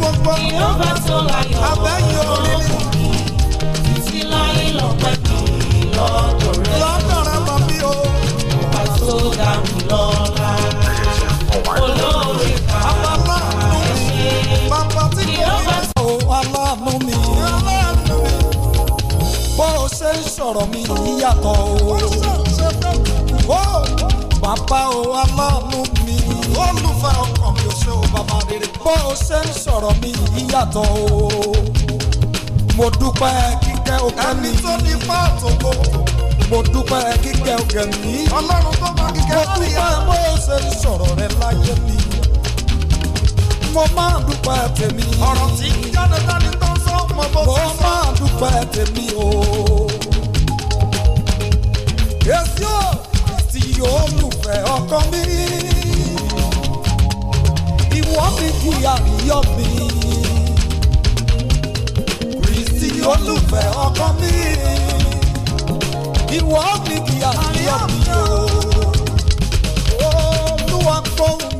gbogbo. Ìhóbá tó láyọ̀ abẹ́yọ̀ lọ́kùn mi. Títí láyé lọ́pẹ́ mi lọ́dọ̀ rẹ̀. Lọ́dọ̀ rẹ̀ mọ̀ mí o. Ìhóbá tó dá mi lọ́la. Olórí ká ẹ ṣe. ní ẹ̀sọ́ aláàánú mi. Aláàánú mi. Bó o ṣe ń sọ̀rọ̀ mi yíyàtọ̀ o. Oh, bàbá o aláàánú mi ó lù fẹ́ ọkàn mi ò ṣe o bàbá rere bó o ṣe ń sọ̀rọ̀ mi ìyàtọ̀ o mo dúpẹ́ kíkẹ́ òkè mi ẹni tó ní fáàtò kò mo dúpẹ́ kíkẹ́ òkè mi ọlọ́run tó bá kíkẹ́ lórí ẹ mo dúpẹ́ bó o ṣe ń sọ̀rọ̀ rẹ láyé mi mo máa dúpẹ́ tèmi ọ̀rọ̀ tí jáde dání tó ń sọ mo bó ti sọ mo máa dúpẹ́ tèmi o. Èsì ò tí yóò ọkàn mi wọ́n mi kú yàrá mi. Kristi olùfẹ́ ọkọ mi. Ìwọ mi kì yàrá mi o. Olúwa gbóhùn.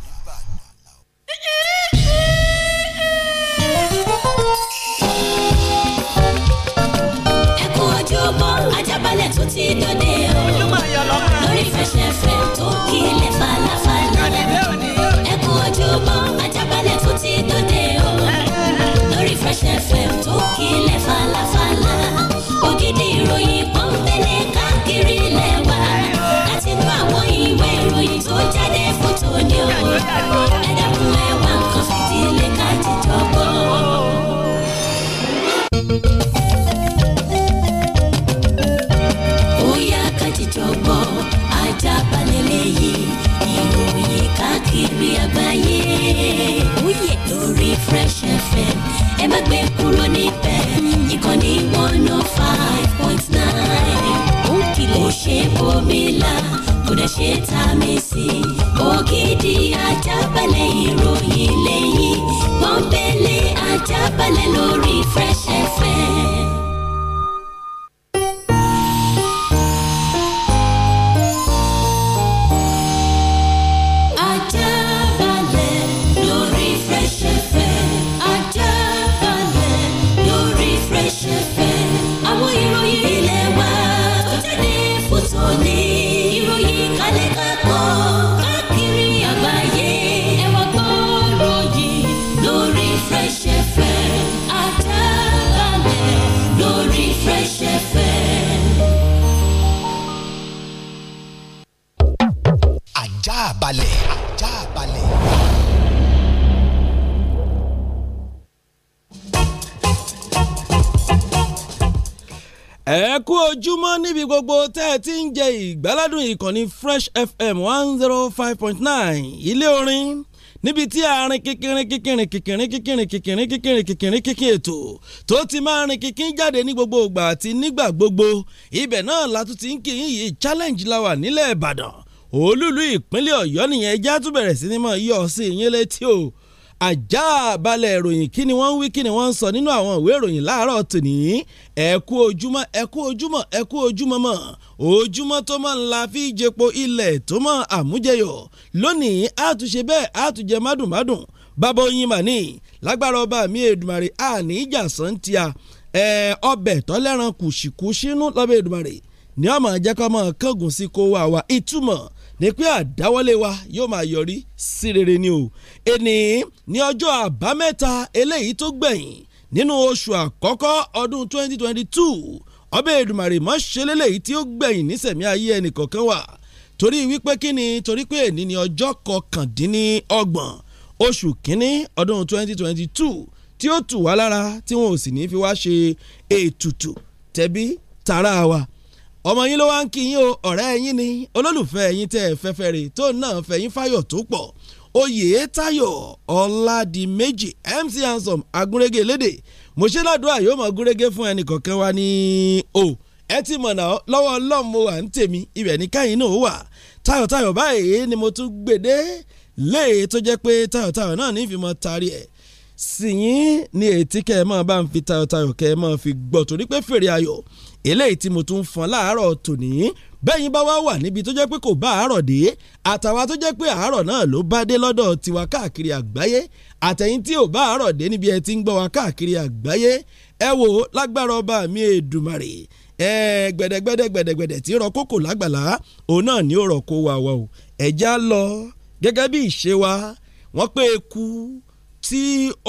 níbẹ̀ ìkànnì one oh five point nine. ó kìlẹ̀ ó ṣe bòmílà kò dẹ̀ ṣe tà mí sí. ògidì ajábalẹ̀ ìròyìn lẹ́yìn pọ́npẹ́lẹ́ ajábalẹ̀ lórí Fresh FM. níbi gbogbo tẹ́ ẹ ti ń jẹ ìgbáládùn ìkànnì Fresh FM one zero oh five point nine ilé orin níbi tí àárín kíkìrín kíkìrín kíkìrín kíkìrín kíkìrín kíkìrín kíkìrín kíkìrín ètò tó ti máa rin kíkín jáde ní gbogbo ìgbà àti nígbà gbogbo ibẹ̀ náà látún ti ń kíyìn yìí challenge la wà nílẹ̀ Ìbàdàn olúlu ìpínlẹ̀ Ọ̀yọ́ nìyẹn ẹja tún bẹ̀rẹ̀ sí ni mọ̀ yọ̀ sí ìyẹn létí o ajá balẹ̀ ìròyìn kí ni wọ́n ń wí kí ni wọ́n ń sọ nínú àwọn ìwé ìròyìn láàárọ̀ tòní ẹ̀kú ojúmọ́ ẹ̀kú ojúmọ́ ẹ̀kú ojúmọ́ mọ́ ojúmọ́ tó mọ́ ńlá fi jẹpo ilẹ̀ tó mọ́ àmújẹyọ̀ lónìí àtúnṣe bẹ́ẹ̀ àtúnjẹ mádùnmádùn bàbá oyin màní lágbára ọba mi Èdùmàrè àní ìjà sàn tíya ọbẹ̀ tọ́lẹ́ran kùsìkùsínú lọ́bẹ̀ Èdùmàrè ní ọmọ jẹ́kọ́mọ kángun sí kó wá wa ìtumọ̀ ni pé àdáwọ́lé wa yóò máa yọrí sí rere ni o ẹni ní ọjọ́ àbámẹ́ta eléyìí tó gbẹ̀yìn nínú oṣù àkọ́kọ́ ọdún 2022 ọbẹ̀ Èdùmàrè mọ́ ṣe léléyìí tí ó gbẹ̀yìn nísẹ̀mí ayé ẹnìkọ̀ọ̀kan wa torí wípé kí ni torí pé èní ni ọjọ́ kọkàndínlọ́gbọ̀n oṣù kínní ọdún 2022 tí ó tù wá lára tí wọn ò sì ní fi wá ṣe ètùtù tẹ̀bí tààrà wa ọmọ yín ló wá ń kí yín o ọ̀rẹ́ yín ni olólùfẹ́ yín tẹ́ ẹ fẹ́fẹ́ rè tó náà fẹ́ yín fáyọ̀ tó pọ̀ Oyètáyọ̀ Ọládìméjì MC Ansom agúnrégé lédè mo ṣe ládùúrà yóò mọ agúnrégé fún ẹnì kọ̀ọ̀kan wa ní o ẹ ti mọ̀ náà lọ́wọ́ ọlọ́run mo wà ń tèmi ibẹ̀ ní káyìn náà wà tayọ̀tayọ̀ báyìí ni mo tún gbèdé léè tó jẹ́ pé tayọ̀tayọ̀ náà ní ìfimọ̀ tari ẹ̀ sì ni ètí kẹ́ ẹ máa bá ń fi tayọ̀tayọ̀ kẹ́ ẹ máa fi gbọ́ torí pé fèrè ayọ̀ eléyìí tí mo tún fọn láàárọ̀ tòní bẹ́yìn bá wá wà níbi tó jẹ́ pé kò bá àárọ̀ dé àtàwa tó jẹ́ pé àárọ̀ náà ló bá dé lọ́dọ̀ tiwa káàkiri àgbáyé àtẹ̀yìn tí ò bá àárọ̀ dé níbi ẹ ti ń gbọ́ wa káàkiri àgbáyé ẹ wò ó lágbára ọba mi èdùmàrè ẹ gbẹ̀dẹ̀gbẹ̀dẹ̀ gbẹ̀dẹ̀gbẹ̀dẹ̀ tí rọ kókò lágbàlá òun náà ni ó rọ kó wa wa o ẹ̀já lọ gẹ́gẹ́ bí ìṣe wa wọ́n pé eku tí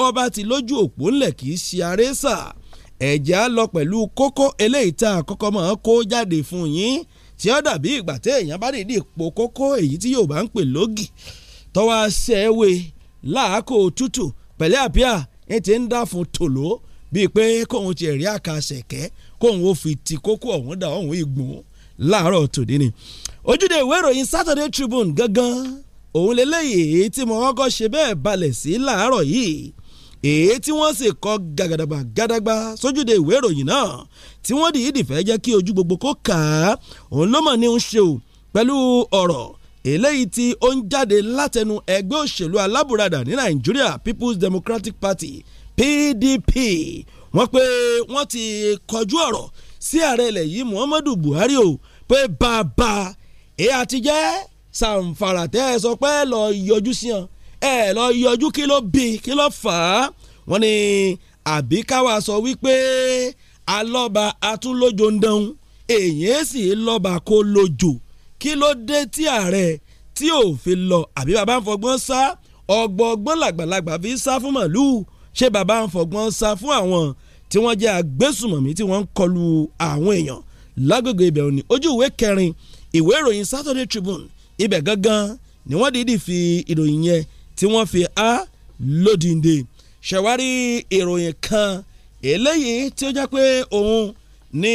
ọba ti lójú òpó ńlẹ̀ kì í ṣe arẹ́sà ẹ̀jẹ̀ á lọ pẹ̀lú kókó eléyìí tá a kọ́kọ́ mọ̀ ọ́n kó jáde fún yín tí ó dàbí ìgbà tí èèyàn bá dìde ipò kókó èyí tí Yorùbá ń pè lógì tọ́wọ́ sẹ́wé láàkó tútù pẹ̀lẹ́ àbíà ń ti ń dá fún tòló bíi pé kóun ti ẹ̀rí àkàṣẹ̀kẹ́ kóun ó fi ti kókó ọ̀hún dà ọ̀hún igun láàárọ̀ tòde ni ojúde ìwé ìròyìn Saturday Tribune gangan òun lélẹ́yìí tí mo kọ́kọ́ ṣe bẹ́ẹ̀ balẹ̀ sí láàárọ̀ yìí èyí tí wọ́n sì kọ́ gàgàdàgbà gàdàgbà sójúde ìwé ìròyìn náà tí wọ́n dìídì fẹ́ jẹ́ kí ojú gbogbo kó kà á òun ló mọ̀ ní ń ṣe o pẹ̀lú ọ̀rọ̀ eléyìí tí ó ń jáde látẹnu ẹgbẹ́ òṣèlú alábùradà ní Nàìjíríà People's Democratic Party PDP wọ́n pé wọ́n ti kọjú ọ̀rọ̀ sí ààrẹ ilẹ̀ yìí Muhammadu Buhari o pé bàbá èyí àtijẹ́ sàǹfàrà ẹ sọ pé lọ́ọ́ yọjú sí hàn ẹ lọ yọjú kí ló bí kí ló fà á wọ́n ní àbí káwa sọ wípé alọ́ba atúnlójó ń dán èyí sì lọ́ba kó lójó kí ló dé tí ààrẹ tí ò fi lọ àbí bàbá ń fọgbọ́n sá ọgbọ́gbọ́n làgbàlagbà fi sá fún màlúù ṣé bàbá ń fọgbọ́n sá fún àwọn tí wọ́n jẹ́ agbésùmọ̀mí tí wọ́n ń kọlu àwọn èèyàn lágbègbè ibẹ̀ òní ojú ìwé kẹrin ìwé ìròyìn Saturday Tribune ibẹ̀ gangan ni wọ́n dìídì fi ìròyìn yẹn tí wọ́n fi á lódìndé ṣẹ̀wárí ìròyìn kan eléyìí tí ó jẹ́ pé òun ní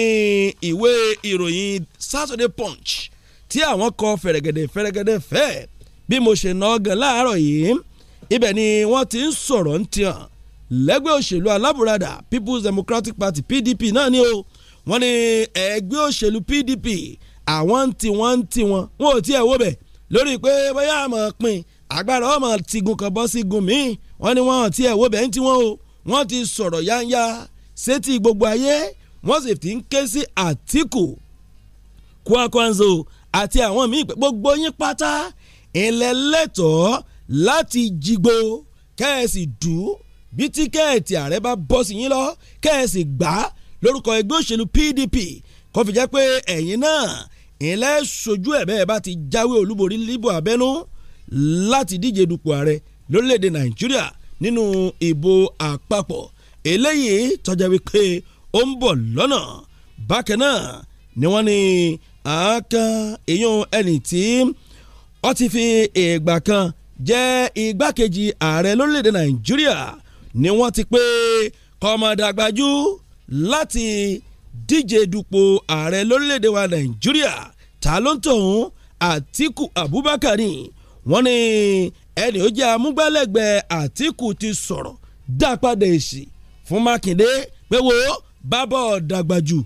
ìwé ìròyìn Saturday Punch tí àwọn kọ fẹ̀rẹ̀gẹ̀dẹ̀ fẹ̀rẹ̀gẹ̀dẹ̀ fẹ́ bí mo ṣe ná ọgàn láàárọ̀ yìí ibẹ̀ ni wọ́n ti ń sọ̀rọ̀ ń tiàn lẹ́gbẹ́ òṣèlú alábùradà People's Democratic Party PDP náà ni o wọ́n ní ẹgbẹ́ òṣèlú PDP àwọn ń tiwọn ń tiwọn wọn ò tiẹ̀ wó bẹ̀ lórí pé bóyá àmọ̀ pin agbára ọmọ tìgùn kan bọ́ sí gùn míì wọ́n ní wọ́n ti ẹ̀wọ́ bẹ́ẹ̀ ń tiwọn o wọ́n ti sọ̀rọ̀ yáńyá sétí gbogbo ayé wọ́n sì ti ń ké sí Àtíkù Kwankwaso àti àwọn míì pé gbogbo yín pátá ilẹ̀ lẹ́tọ̀ọ́ láti jígbó kẹ́ẹ̀sì dùn bí tíkẹ́ẹ̀tì ààrẹ bá bọ́ sí yín lọ kẹ́ẹ̀sì gbà lórúkọ ẹgbẹ́ òṣèlú PDP kó fi jẹ́ pé ẹ̀yin náà ilẹ̀ sojú ẹ̀ bẹ́ẹ̀ bá ti jáwé olúborí líbò abẹ́nú. No? láti díje dupò ààrẹ lórílẹ̀‐èdè nàìjíríà nínú ìbò àpapọ̀ eléyìí tọ́jà wípé ó ń bọ̀ lọ́nà bákan náà ni wọ́n ní àákan èèyàn ẹni tí ó ti fi ìgbà kan jẹ́ igbákejì ààrẹ lórílẹ̀‐èdè nàìjíríà ni wọ́n ti pé kọ́mọdàgbájú láti díje dupò ààrẹ lórílẹ̀‐èdè wa nàìjíríà ta ló ń tọ̀hún Àtíkù Abubakar ni wọ́n ní ẹni ó jẹ́ amúgbálẹ́gbẹ̀ẹ́ Àtíkù ti sọ̀rọ̀ dá padà èsì fún Mákindé pé wo bábọ̀ dàgbà jù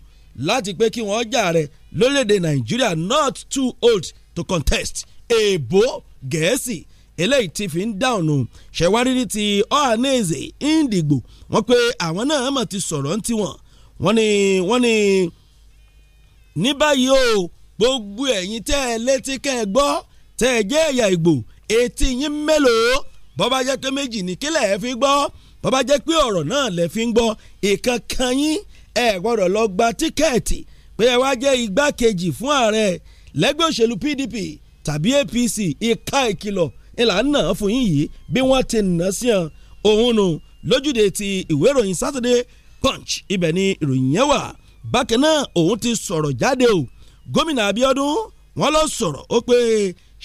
láti pé kí wọ́n jà rẹ̀ lórílẹ̀‐èdè Nàìjíríà not too old to contest èèbó Gẹ̀ẹ́sì eléyìí ti fi ń dáhùn nù ṣẹ̀wárí ní ti Ohanaeze Ndigbo wọ́n pé àwọn náà mọ̀ ti sọ̀rọ̀ ń tiwọn wọ́n ní wọ́n ní ní báyìí o gbogbo ẹ̀yin tẹ́ ẹ létí kẹ́ ẹ gbọ́ tẹ́ ẹ jẹ́ ẹ̀yà ìgbò etí yín mélòó bọ́bá jẹ́ pé méjì ní kílẹ̀ ẹ fi gbọ́ bọ́bá jẹ́ pé ọ̀rọ̀ náà lẹ fi ń gbọ́ ìkankan yín ẹ gbọ́dọ̀ lọ gba tíkẹ́ẹ̀tì pé ẹ wá jẹ́ igbákejì fún ààrẹ lẹ́gbẹ́ òṣèlú PDP tàbí APC ìka ìkìlọ̀ ìlànà fún yín yìí bí wọ́n ti nà sí ọ òun nù lójúde ti ìwé ìròyìn Saturday Punch ibẹ̀ ni ìròyìn yẹn wà bákan náà òun ti sọ̀rọ̀ jáde o gómìnà Abíọ́dún wọ́n lọ sọ̀rọ̀ ó pé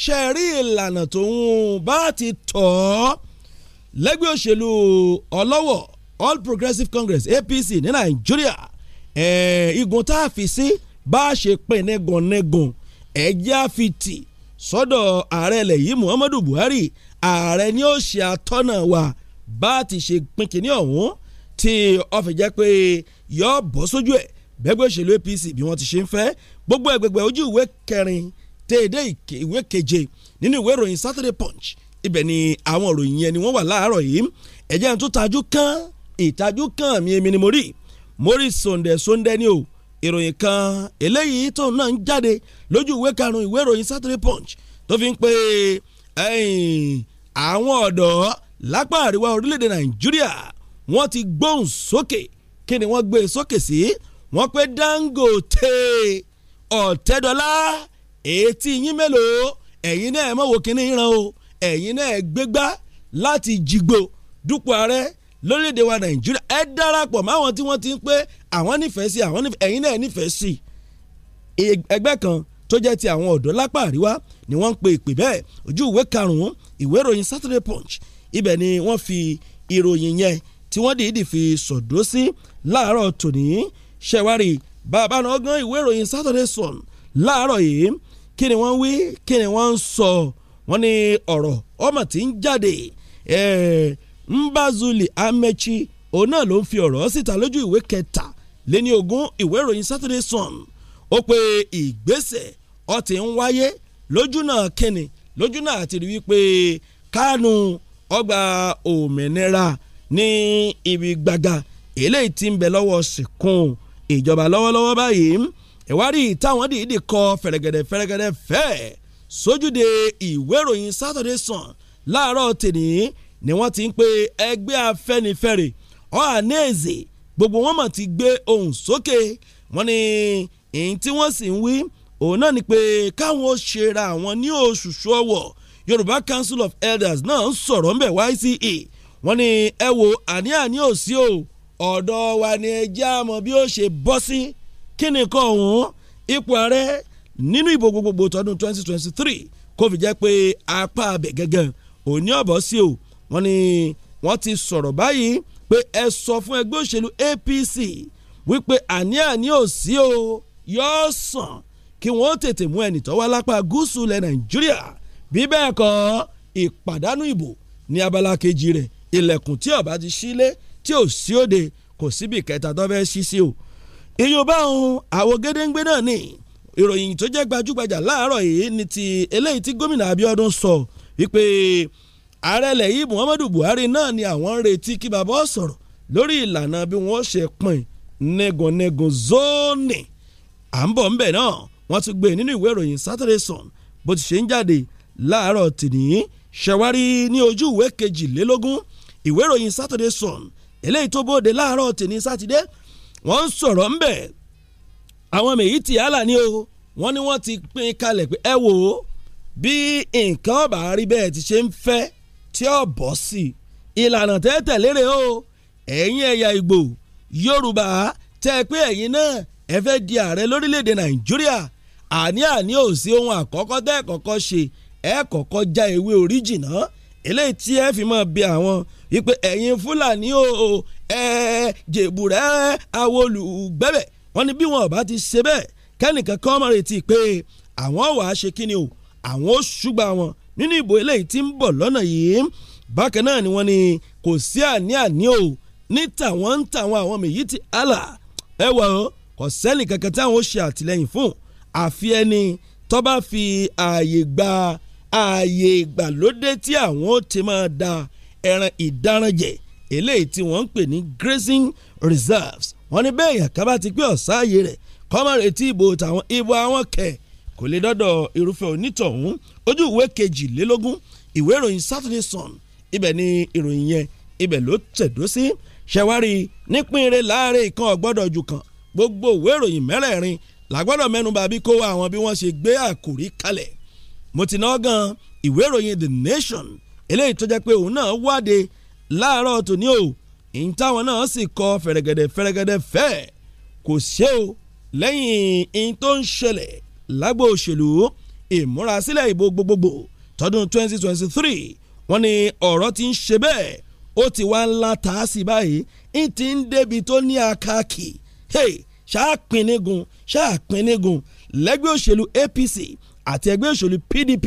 ṣe rí ìlànà tó ń bá ti tọ̀ lẹ́gbẹ́ òṣèlú ọlọ́wọ̀ All Progressives Congress APC ní Nàìjíríà igun tá a fi sí bá a ṣe pín nígunnígun ẹ̀jẹ̀ á fi tì sọ́dọ̀ ààrẹ ilẹ̀ Muhammadu Buhari ààrẹ ni ó ṣe atọ́nà wa bá a ti ṣe pín kínní ọ̀hún tí ó fi jẹ́ pé yọ bọ́ sójú ẹ̀ bẹ́gbẹ́ òṣèlú APC bí wọ́n ti ṣe ń fẹ́ gbogbo ẹ̀gbẹ̀gbẹ̀ ojú ìwé kẹrin tèèdè ìwé keje nínú ìwé ìròyìn Saturday Punch ibẹ̀ ni àwọn ìròyìn yẹn ni wọ́n wà láàárọ̀ yìí ẹ̀jẹ̀ ń tún tajú kán ìtajú kán mi èmi ni mo rí mo rí sọ̀ndẹ̀ ni o ìròyìn kan eléyìí tó náà ń jáde lójú ìwé karùn ìwé ìròyìn Saturday Punch tó fi ń pe àwọn ọ̀dọ́ lápá àríwá orílẹ̀-èdè Nàìjíríà wọ́n ti gbóhùn sókè kí ni wọ́n gbé e sókè sí wọ́n pé Dangote ọ̀tẹ́dọ́lá ètí yín mélòó ẹ̀yin náà mọ̀ wò kíní ìran o ẹ̀yin náà gbégbá láti jìgbò dúpọ̀ ààrẹ lórílẹ̀‐èdè wa nàìjíríà ẹ darapọ̀ máwọn tí wọ́n ti ń pé àwọn nífẹ̀ẹ́ sí àwọn nífẹ̀ẹ́ ẹ̀yin náà nífẹ̀ẹ́ sí ẹgbẹ́ kan tó jẹ́ ti àwọn ọ̀dọ́ lápá àríwá ni wọ́n ń pe ìpè bẹ́ẹ̀ ojú ìwé karùn-ún ìwé ìròyìn Saturday Punch ibẹ̀ ni wọ́n fi ìròyìn yẹn tí wọ́n dìídì fi sọ̀dọ́ sí láàárọ̀ tòní ṣẹ̀wárì bàbá náà gan ìwé ìròyìn Saturday Sun láàárọ̀ yìí kí ni wọ́n wí kí ni wọ́n sọ wọ́n ní ọ̀rọ̀ ọmọ tí ń jáde Mbazuli Amechi òun náà ló ń fi ọ̀rọ̀ síta lójú ìwé kẹta léní ogún ìwé ìròyìn Saturday Sun ó pe ìgbésẹ̀ ó ti ń wáyé lójú náà kẹ́ni lójú náà ti rí wípé Kánú ọgbà òmìnira ní ibi gbaga eléyìí ti ń bẹ lọ́wọ́ sìnkún ìjọba lọ́wọ́lọ́wọ́ báyìí ìwádìí táwọn dìídì kọ fẹ̀rẹ̀gẹ̀dẹ̀ fẹ̀rẹ̀gẹ̀dẹ̀ fẹ́ sójúde ìwé ìròyìn Saturday Sun láàárọ̀ tèní ni wọ́n ti ń pe ẹgbẹ́ Afẹ́nifẹ́re Ohanaeze gbogbo wọn mọ̀ ti gbé ohùn sókè wọ́n ní èyí tí wọ́n sì ń wí òun náà ni pé káwọn ó ṣera àwọn ní òṣùṣù ọwọ̀ Yorùbá Council of Elders náà ń sọ̀rọ̀ ńbẹ̀ YCA e. wọ́n ní ẹ wo àní àní ò sí o ọ̀dọ̀ wa ni ẹ já mọ̀ bí ó ṣe bọ́ sí. Si kí ni kọ́ ọ̀hún ipò ààrẹ nínú ìbò gbogbogbò tọdún 2023 kó fi jẹ́ pé apá abẹ gẹ́gẹ́ òní ọ̀bọ̀ sí o wọ́n ní wọ́n ti sọ̀rọ̀ báyìí pé ẹ sọ fún ẹgbẹ́ òṣèlú APC wípé àní-àní ò sí o yóò sàn kí wọ́n tètè mú ẹnì tó wá lápá gúúsù lẹ̀ Nàìjíríà bí bẹ́ẹ̀ kọ́ ìpàdánù ìbò ní abala kejì rẹ̀ ilẹ̀kùn tí ọba ti sílé tí ò sí òde kò síbi kẹta tó fẹ́ ṣí sí o ìyọba ohun àwọn gédéǹgbé náà ni ìròyìn tó jẹ́ gbajúgbajà láàárọ̀ yìí ni ti eléyìí tí gómìnà Abíọ́dún sọ wípé ààrẹ ilẹ̀ yìí Muhammadu Buhari náà ni àwọn ń retí kí bàbá ọ sọ̀rọ̀ lórí ìlànà bí wọ́n ṣe pín nẹ́gànnẹ́gàn zónì à ń bọ̀ ńbẹ̀ náà wọ́n ti gbé nínú ìwé ìròyìn Saturday Sun bó ti ṣe ń jáde láàárọ̀ tìní ṣẹ̀wárí ní ojú ìwé kejìlélógún ìwé ìròyìn Saturday Sun eléyìí tó bóde láàárọ̀ tìní sátidé wọ́n ń sọ̀rọ̀ ńbẹ̀ àwọn mèyí ti yálà ní o wọ́n ní wọ́n ti pín kalẹ̀ pé ẹ wò ó bí nǹkan ọ̀bà rí bẹ́ẹ̀ ti ṣe ń fẹ́ tí ó bọ́ sí i ìlànà tẹ́tẹ̀ lére o ẹ̀yin ẹ̀yà Ìgbò Yorùbá tẹ́ pé ẹ̀yin náà ẹ fẹ́ di ààrẹ lórílẹ̀‐èdè Nàìjíríà àní àní ò sí ohun àkọ́kọ́ tẹ́ ẹ kọ́kọ́ ṣe ẹ kọ́kọ́ já ewé orí jìnnà eléyìí tí ẹ fi máa bẹ àwọn wípé ẹ̀yin fúlàní o ẹ jèbùrẹ́ awolùgbẹ́bẹ̀ wọ́n ní bí wọn bá ti ṣe bẹ́ẹ̀ kẹ́nìkan kọ́ mọ̀ retí pé àwọn wàá ṣe kíni o àwọn ó ṣùgbà wọn nínú ìbò eléyìí tí ń bọ̀ lọ́nà yìí bákan náà ni wọ́n ní kò sí àní-àní o ní tàwọn ń tàwọn àwọn mèyí ti àlà ẹ wọ̀ ọ́ kò sẹ́nì kankan táwọn ó ṣe àtìlẹ́yìn fún àfi ẹni tó bá fi ààyè gba ààyè ìgbàlódé tí àwọn ó ti máa da ẹran ìdáranjẹ eléyìí tí wọ́n ń pè ní grazing reserves wọ́n ní bẹ́ẹ̀ yàn kábà ti pé ọ̀sá ààyè rẹ̀ kọ́mọ̀rẹ́ tí ìbò tàwọn ìbò àwọn kẹ̀ kò lè dọ́dọ̀ irúfẹ́ onítọ̀hún ojú ìwé kejìlélógún ìwé ìròyìn Saturday Sun ibẹ̀ ni ìròyìn yẹn ibẹ̀ ló tẹ̀dó sí ṣẹ̀wárí nípínlẹ̀ láàrin ìkan ọ̀gbọ́dọ̀ ju kan gbogbo ìwé ìròyìn mẹ́rẹ̀ẹ̀rin làgbọ́dọ̀ mẹ́nuba bí kó àwọn bí wọ́n ṣe gbé àkòrí kalẹ̀ mo ti ná gan ìwé ìròyìn the nation eléyìí tó jẹ́ pé òun náà wáde láàárọ̀ tòní o ìyìn táwọn náà sì kọ fẹ̀rẹ̀gẹ̀dẹ̀ fẹ̀rẹ̀gẹ̀dẹ̀ fẹ́ kò ṣe o lẹ́yìn ìyìn tó ń ṣẹlẹ̀ lágbo òṣèlú ìmúrasílẹ̀ ìbò gbogbogbò tọdún 2023 wọ́n ní ọ̀rọ̀ ti ń ṣe bẹ́ẹ̀ ó ti wá ńlá tá a sì báyìí ń ti ń débi tó ní akáàkì ṣáà pinnigun ṣáà pinnigun lẹ́gbẹ́ òṣèlú APC àti ẹgbẹ́ òṣèlú PDP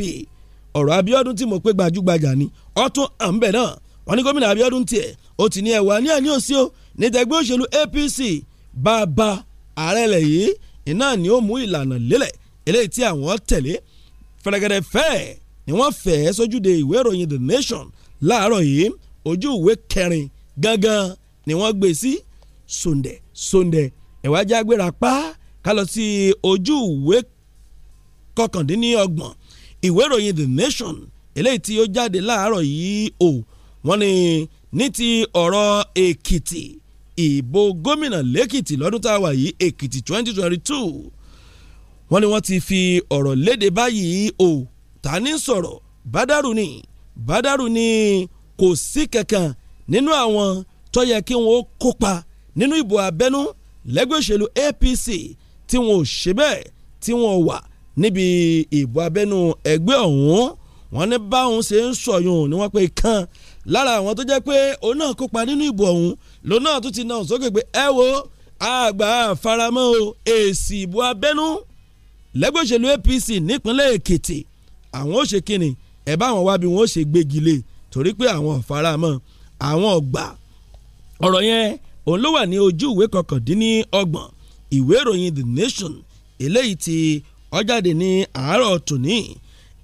ọ̀rọ̀ Abíọ́dún tí mo pé gbajúgbajà ni ọ̀tún àǹbẹ̀ náà wọ́n ní gómìnà Abíọ́dún tiẹ̀ ó ti ní ẹ̀wà ní àní òsì ó ní tẹgbẹ́ òṣèlú APC bàbá ààrẹ lẹ̀ yìí iná ni ó mú ìlànà lélẹ̀ eléyìí tí àwọn tẹ̀lé fẹ̀rẹ̀gẹ̀dẹ̀ fẹ́ẹ̀ ni wọ́n fẹ́ sójúde ìwé ìròyìn The Nation láàárọ̀ yìí ojú ìwé kẹrin gangan ni wọ́n gbé sí Sunday Sunday ẹ̀wájú agbéra pa ká lọ sí ojú ìwé kọkàndínlọ́gbọ̀n ìwé ìròyìn the nation eléyìí tí ó jáde láàárọ̀ yìí o wọ́n ní ní ti ọ̀rọ̀ èkìtì ìbò gómìnà lẹ́kìtì lọ́dún tá a wà yìí èkìtì twenty twenty two wọ́n ní wọ́n ti fi ọ̀rọ̀ léde báyìí o ta ni sọ̀rọ̀ bádàrú ni bádàrú ni kò sí kankan nínú àwọn tó yẹ kí wọ́n kópa nínú ìbò abẹ́nú lẹ́gbẹ́ òṣèlú APC tí wọn ò ṣe bẹ́ẹ̀ tí wọn wà níbi ìbò abẹ́nú ẹgbẹ́ ọ̀hún wọ́n ní báwọn ṣe ń sọ̀yún ni wọ́n pe kan lára àwọn tó jẹ́ pé òun náà kópa nínú ìbò ọ̀hún lòun náà tún ti náà sókè pé ẹ wo àgbà faramọ́ o èsì ìbò abẹ́nú lẹ́gbẹ́ òṣèlú APC nípínlẹ̀ Èkìtì àwọn ò ṣe kínni ẹ̀ bá àwọn wá bí wọ́n ṣe gbégi lé e torí pé àwọn faramọ́ àwọn ọ̀gbà ọ̀rọ̀ yẹn òun ló wà ní ojú ìwé kọkàndínní ọgbọ̀n ìwé ìròyìn The Nation eléyìí ti ó jáde ní àárọ̀ tòní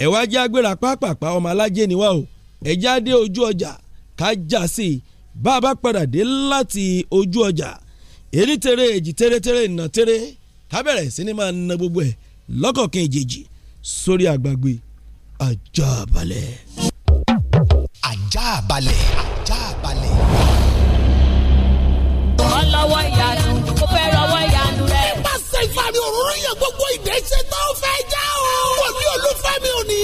ẹ wá jẹ́ agbéra pápápá ọmọ alájẹ níwá o ẹ já dé ojú ọjà ká já sí i bá a bá padà dé láti ojú ọjà èyí tèrè èjì tèrè tèrè ìnà tèrè ká bẹ̀rẹ̀ sí ni máa na gbogbo ẹ̀ lọ́kọ̀ọ̀kan èjèèjì sórí àgbàgbé ajá balẹ̀. ajá balẹ̀ ajá balẹ̀. ọlọ́wọ́ ìyanu mo fẹ́ ìfàmì òróró yẹn gbogbo ìdẹ́sẹ̀ tó fẹ́ já o. wọ́n ní olúfẹ́mi òní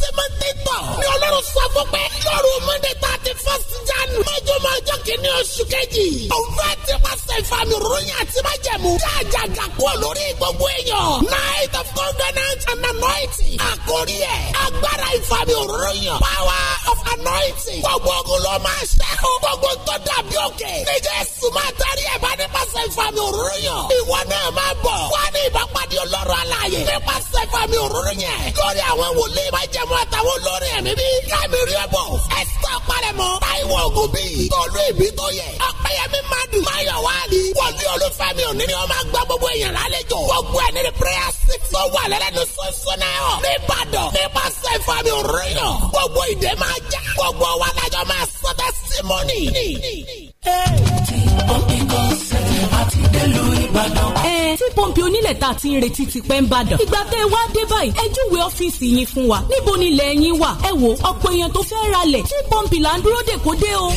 sẹ́mẹ́ntẹ́tọ̀ ni ọlọ́run sọ fún pé lóru mọ́ndé tààtì fọ́sì jánu mọ́jú mọ́jọ́ kìíní oṣù kejì. òun fẹ́ ti pàṣẹ ìfàmì ròyìn àti májẹ̀mú. jáàjà gàkúọ̀ lórí gbogbo èèyàn. night of covenant and anointing. àkórí ẹ̀ agbára ìfàmì ròyìn. power of anointing. gbogbo ogun ló máa ṣe o. gbogbo tó dàbí òkè. níjẹ́ èsù máa tari ẹ̀ bá ní pàṣẹ ìfàmì ròyìn. ìwọ náà máa bọ̀. wọ́n ní ìbápadì ọlọ́run aláàyè. nípasẹ̀ ìfàmì ròyìn. lórí àwọn wòlé máj májẹ̀mú àtàwọn olórin ẹ̀mí bí. Láìmí rí ẹ̀bọ̀. Ẹ̀sítọ́ parẹ́mọ. Táíwò ògùn bí. Tọ́lú ìbí tó yẹ. Ọ̀pẹ̀yẹmí Madu. Máyọ̀ Wálí. Wọ̀lú Olúfẹ́mi òní ni wọ́n máa gba gbogbo èèyàn lálejò. Gbogbo ẹ̀ ní prayer six. Tó wà lẹ́lẹ́nu sunsun náà. Níbàdàn. Nípasẹ̀ Fẹ́mi òrìyàn. Gbogbo ìdè máa já. Gbogbo wa lájọ máa sọ testimony tí pọ́ǹpì onílẹ̀ tá a ti ń retí ti pẹ́ ń bàdàn. ìgbà tẹ́ ẹ wá dé báyìí ẹ júwe ọ́fíìsì yín fún wa níbo ni ilẹ̀ yín wà. ẹ wo ọ̀pọ̀ èèyàn tó fẹ́ ra lẹ̀ tí pọ́ǹpì là ń dúró dè kó dé o.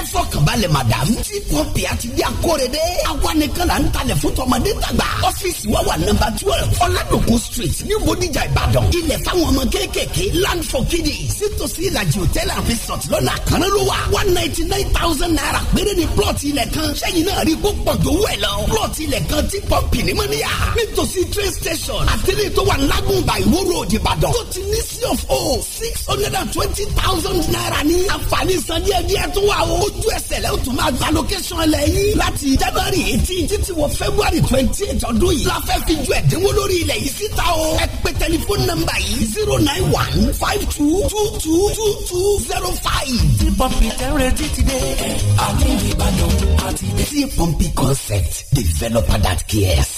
ẹ fọkàn balẹ̀ madam tí pọ́ǹpì àti bí akóredé àwa nìkan là ń talẹ̀ fún tọmọdé tàgbà. ọ́fíìsì wa wà nọ́mbà twelve ọ̀làdòkun street ní bodijà ìbàdàn. ilẹ̀ fáwọn ọmọ kéékèèké land for kiddies sítòsí ìlàjì hòtẹ́ẹ̀lì àfisọ̀t lọ́nà àkànlélówà one ninety nine thousand náírà péré ni plọ̀tì ilẹ̀ kan sẹ́yìn náà rí kó pọ̀ tó wẹ̀ lọ. plọ̀tì ilẹ̀ kan ti pọ́ǹpì ní mọ́níyà nítòsí train station àtẹ̀lé tó wà lágùnbà ìwó road ìbàdàn tó ti ní sí of o six hundred and twenty thousand naira. ní àǹfààní san díẹ̀ díẹ̀ tó wà o ojú ẹsẹ̀ lẹ́yìn tó máa gba location ẹlẹ́ yìí láti january eighteen títí wọ february twenty eight ọdún yìí la fẹ́ fi ju ẹ̀dínwó lórí ilẹ̀ yìí síta o ẹ pè tẹlifóònù nọ́mbà yìí zero nine one five two two two two two zero five. tí pọ́ǹpì tẹ́ ń retí ti dé àti ìbàdàn àti pọ́ǹpì concept developer that cares.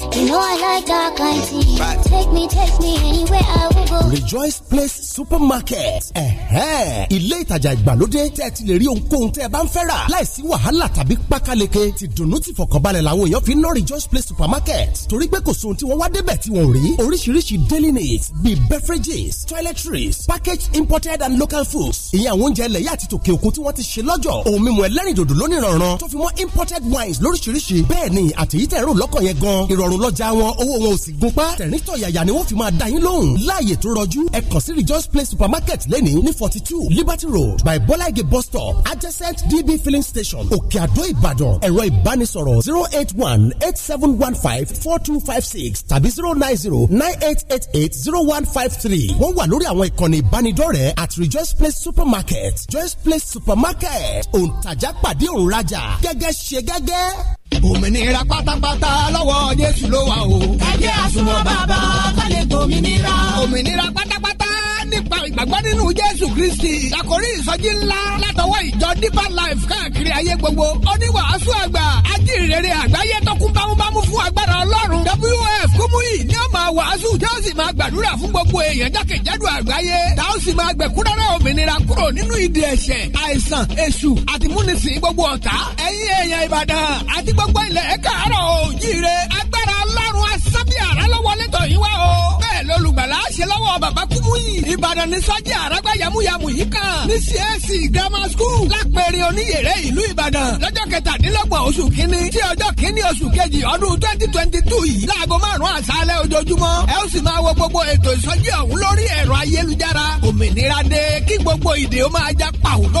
You know I like dark like tea. Right. Take me, take me anywhere I will go. Rejoice Place Supermarket. Ẹ̀hẹ́n. Ilé ìtajà ìgbàlódé tẹ́ ẹ ti lè rí ohunkóhun tẹ́ ẹ bá ń fẹ́ rà. Láìsí wàhálà tàbí pákáleke. Ti dùnnú ti fọkànbalẹ̀ làwọn èèyàn fi ń ná Rejoice Place Supermarket. Torí pé kò sóhun tí wọ́n wá débẹ̀ tí wọ́n rí. Oríṣiríṣi daily needs bíi beverages, toiletries, packaged imported and local foods. Ìyẹn àwọn oúnjẹ ilẹ̀ yá àti tòkè òkun tí wọ́n ti ṣe lọ́jọ̀. Ohun mímu ẹlẹ́rìndòdò lónìí rànran. Tó fi mọ́ imported wines lóríṣiríṣi. Bẹ́ẹ̀ ni àtẹ̀yí tẹ̀ ń rò lọ́kàn yẹn gan. Ìrọ̀ rọrùn lọ́jà wọn owó wọn ò sì gun pa tẹ̀ríntọ̀ yàyà ni wọ́n fi máa dá yín lóhùn láàyè tó rọjú ẹ kàn sí rejoice place supermarket lẹ́ni ní forty two liberty road by bọ́láìgì bus stop adjacent db filling station òkè àdó ìbàdàn ẹ̀rọ ìbánisọ̀rọ̀ zero eight one eight seven one five four two five six tàbí zero nine zero nine eight eight eight zero one five three wọ́n wà lórí àwọn ìkànnì ìbánidọ́rẹ̀ẹ́ at rejoice place supermarket rejoice place supermarket òǹtajà pàdé òǹrajà gẹ́gẹ́ ṣe gẹ́gẹ́. òmìnira pátápátá lọ́wọ́ Jésù ló wà o. ẹ jẹ́ àsùnwọ̀n bàbá kálẹ̀ tó òmìnira pátápátá nípa ìgbàgbọ́ nínú jésù kristi àkórí ìsọjí ńlá látọwọ́ ìjọ deeper life káàkiri ayé gbogbo oníwàásù àgbà ajínrere àgbáyé tó bámúbámú fún agbára ọlọ́run wf kúmúyì ni ó máa wàásù tí ó sì máa gbàdúrà fún gbogbo èèyàn jákèjádò àgbáyé tá ó sì máa gbẹ̀kúrẹ́rẹ́ òmìnira kúrò nínú ìdè ẹ̀ṣẹ̀ àìsàn èṣù àti gbogbo ọ̀tá ẹ̀yin èèyàn ìbàdàn àti gbogbo ilẹ̀ káàárọ̀ òjíire agbára ọlọ́run asábíàrá lọ́wọ́lẹ́tọ̀ yín wá o bẹ́ẹ̀ lọ́lùgbàlà ṣe lọ́wọ́ bàbá kúmúyì ìbàdàn ní sọ́jà àràgbà yamuyamu yìí kan ní csc grammar school lápẹ̀rẹ̀ oníyèrè ìlú ìbàdàn lọ́jọ́ kẹtàdínlọ́gbọ̀n oṣù kínní tí ọjọ́ kínní oṣù kejì ọdún twenty twenty two yìí láago márùn-ún àṣálẹ̀ ojoojúmọ́ ẹ ó sì máa wo gbogbo ètò ìsọjí ọ̀hún lórí ẹ̀rọ ayélujára òmìnira dé kí gbogbo ìdè ó máa já pàwó tó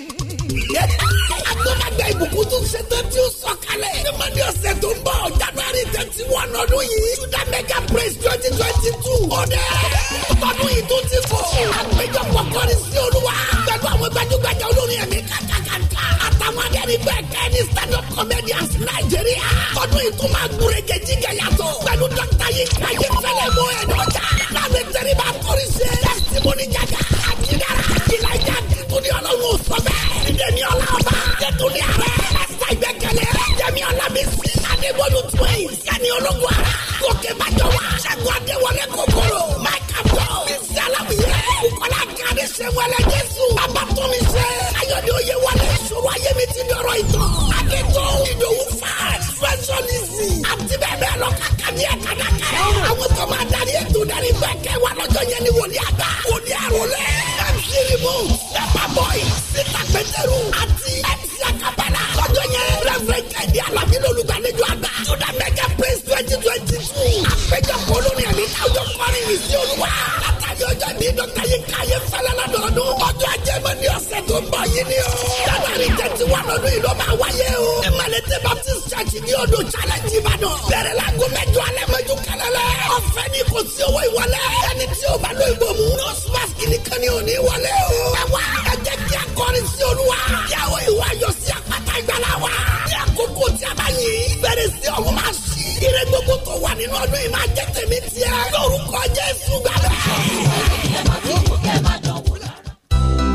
agbọ́dọ̀gbà ìbùkún tún ṣe tán tí ó sọ kalẹ̀. ní mọ́ni ọ̀sẹ̀ tó ń bọ̀ january thirty one ọdún yìí juda mega praise twenty twenty two ọ̀dẹ́ ọdún yìí tún ti fò. àpéjọpọ̀ kọrin sí olúwa pẹ̀lú àwọn gbajúgbajà olórin ẹ̀mí kàkàkàkà àtàwọn adẹ́rìn bẹ́ẹ̀ kẹ́ ní stand up comedians nàìjíríà ọdún yìí tún máa gbúre kejì gẹ̀yàtọ̀ pẹ̀lú dókítà yìí káyé fẹ́lẹ́ mọ́ ẹ̀ láti tẹ̀rí nítorí ọlọ́run sọ bẹ́ẹ̀. ìdè ní ọlọ́ba. nítorí ààrẹ. ẹsẹ̀ ìgbẹ́kẹ̀lé. jẹ́mi ọlábísí. adébólú twins. yanni ológun ara. gòkè bàjọ́ wa. ṣẹ́gun adéwọlé kòkòrò. máa kájọ. bísí aláwìyẹ. kọ́lá kárí ṣe wọlé jésù. bàbá tó mi ṣe. ayọ̀dẹ̀ òye wọlé. ìṣòro ayé mi ti dọ̀rọ̀ ìtàn. akẹ́tọ̀ ìdòwú fà. fẹsọ̀lìsì. àti bẹ́ẹ̀ bẹ́ẹ̀ lọ kàkà ní ẹ̀ka dàkà. àwọn tó máa darí ètò darí gbẹ̀kẹ́ wa lọ́jọ́ yẹn ni wòlíì àgbà. wòlíì àròlé. mc remote. pepper boy. sita peteru. àti mc akabala. lọ́jọ́ yẹn rẹ́fẹ̀rẹ̀ kẹ́ndí alábí lolùgbàlejò àgbà. jọ́dá mẹ́ twenty two. àpéjọpọ̀ olórin ẹ̀mí táwọn kọrin ní sí olúwa. látàrí ọjọ́ ní dọ́kítà yìí káyé fẹ́lẹ́ lọ́dọọdún. ọjọ́ ajé mọ́ ní ọ̀sẹ̀ tó bọ̀ yìí ni o. january thirty one ọdún yìí ló máa wáyé o. emalete baptist church ní ọdún challenge ìbàdàn. bẹ̀rẹ̀ la gún mẹ́jọ alẹ́ mẹ́jọ kẹlẹ́lẹ́. ọ̀fẹ́ ni kò sí owó ìwọlé. ẹni tí o bá lo ìbomú. nọ́ọ̀sì máàkì nìkan ni ò ní wọlé o. ẹ wá ẹ kí a kọrin sí olúwa. yàwó ìwà yọ sí àpáta ìgbàlá wa. ní àkókò tí a bá yìn. bẹ̀rẹ̀ sí ọ̀hún máa nínú ọdún yìí máa jẹ́ tèmi tiẹ̀ lórúkọ Jésù gbàgbé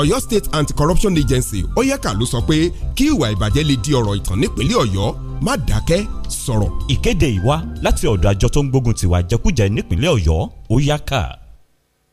Ọ̀yọ́ State Anti-Corruption Agency oyeka ló sọ pé kí ìwà ìbàjẹ́ lè di ọ̀rọ̀ ìtàn nípínlẹ̀ Ọ̀yọ́ má dákẹ́ sọ̀rọ̀. Ìkéde ìwá láti ọ̀dọ̀ àjọ tó ń gbógun tiwa jẹkújẹ nípínlẹ̀ Ọ̀yọ́ oyeka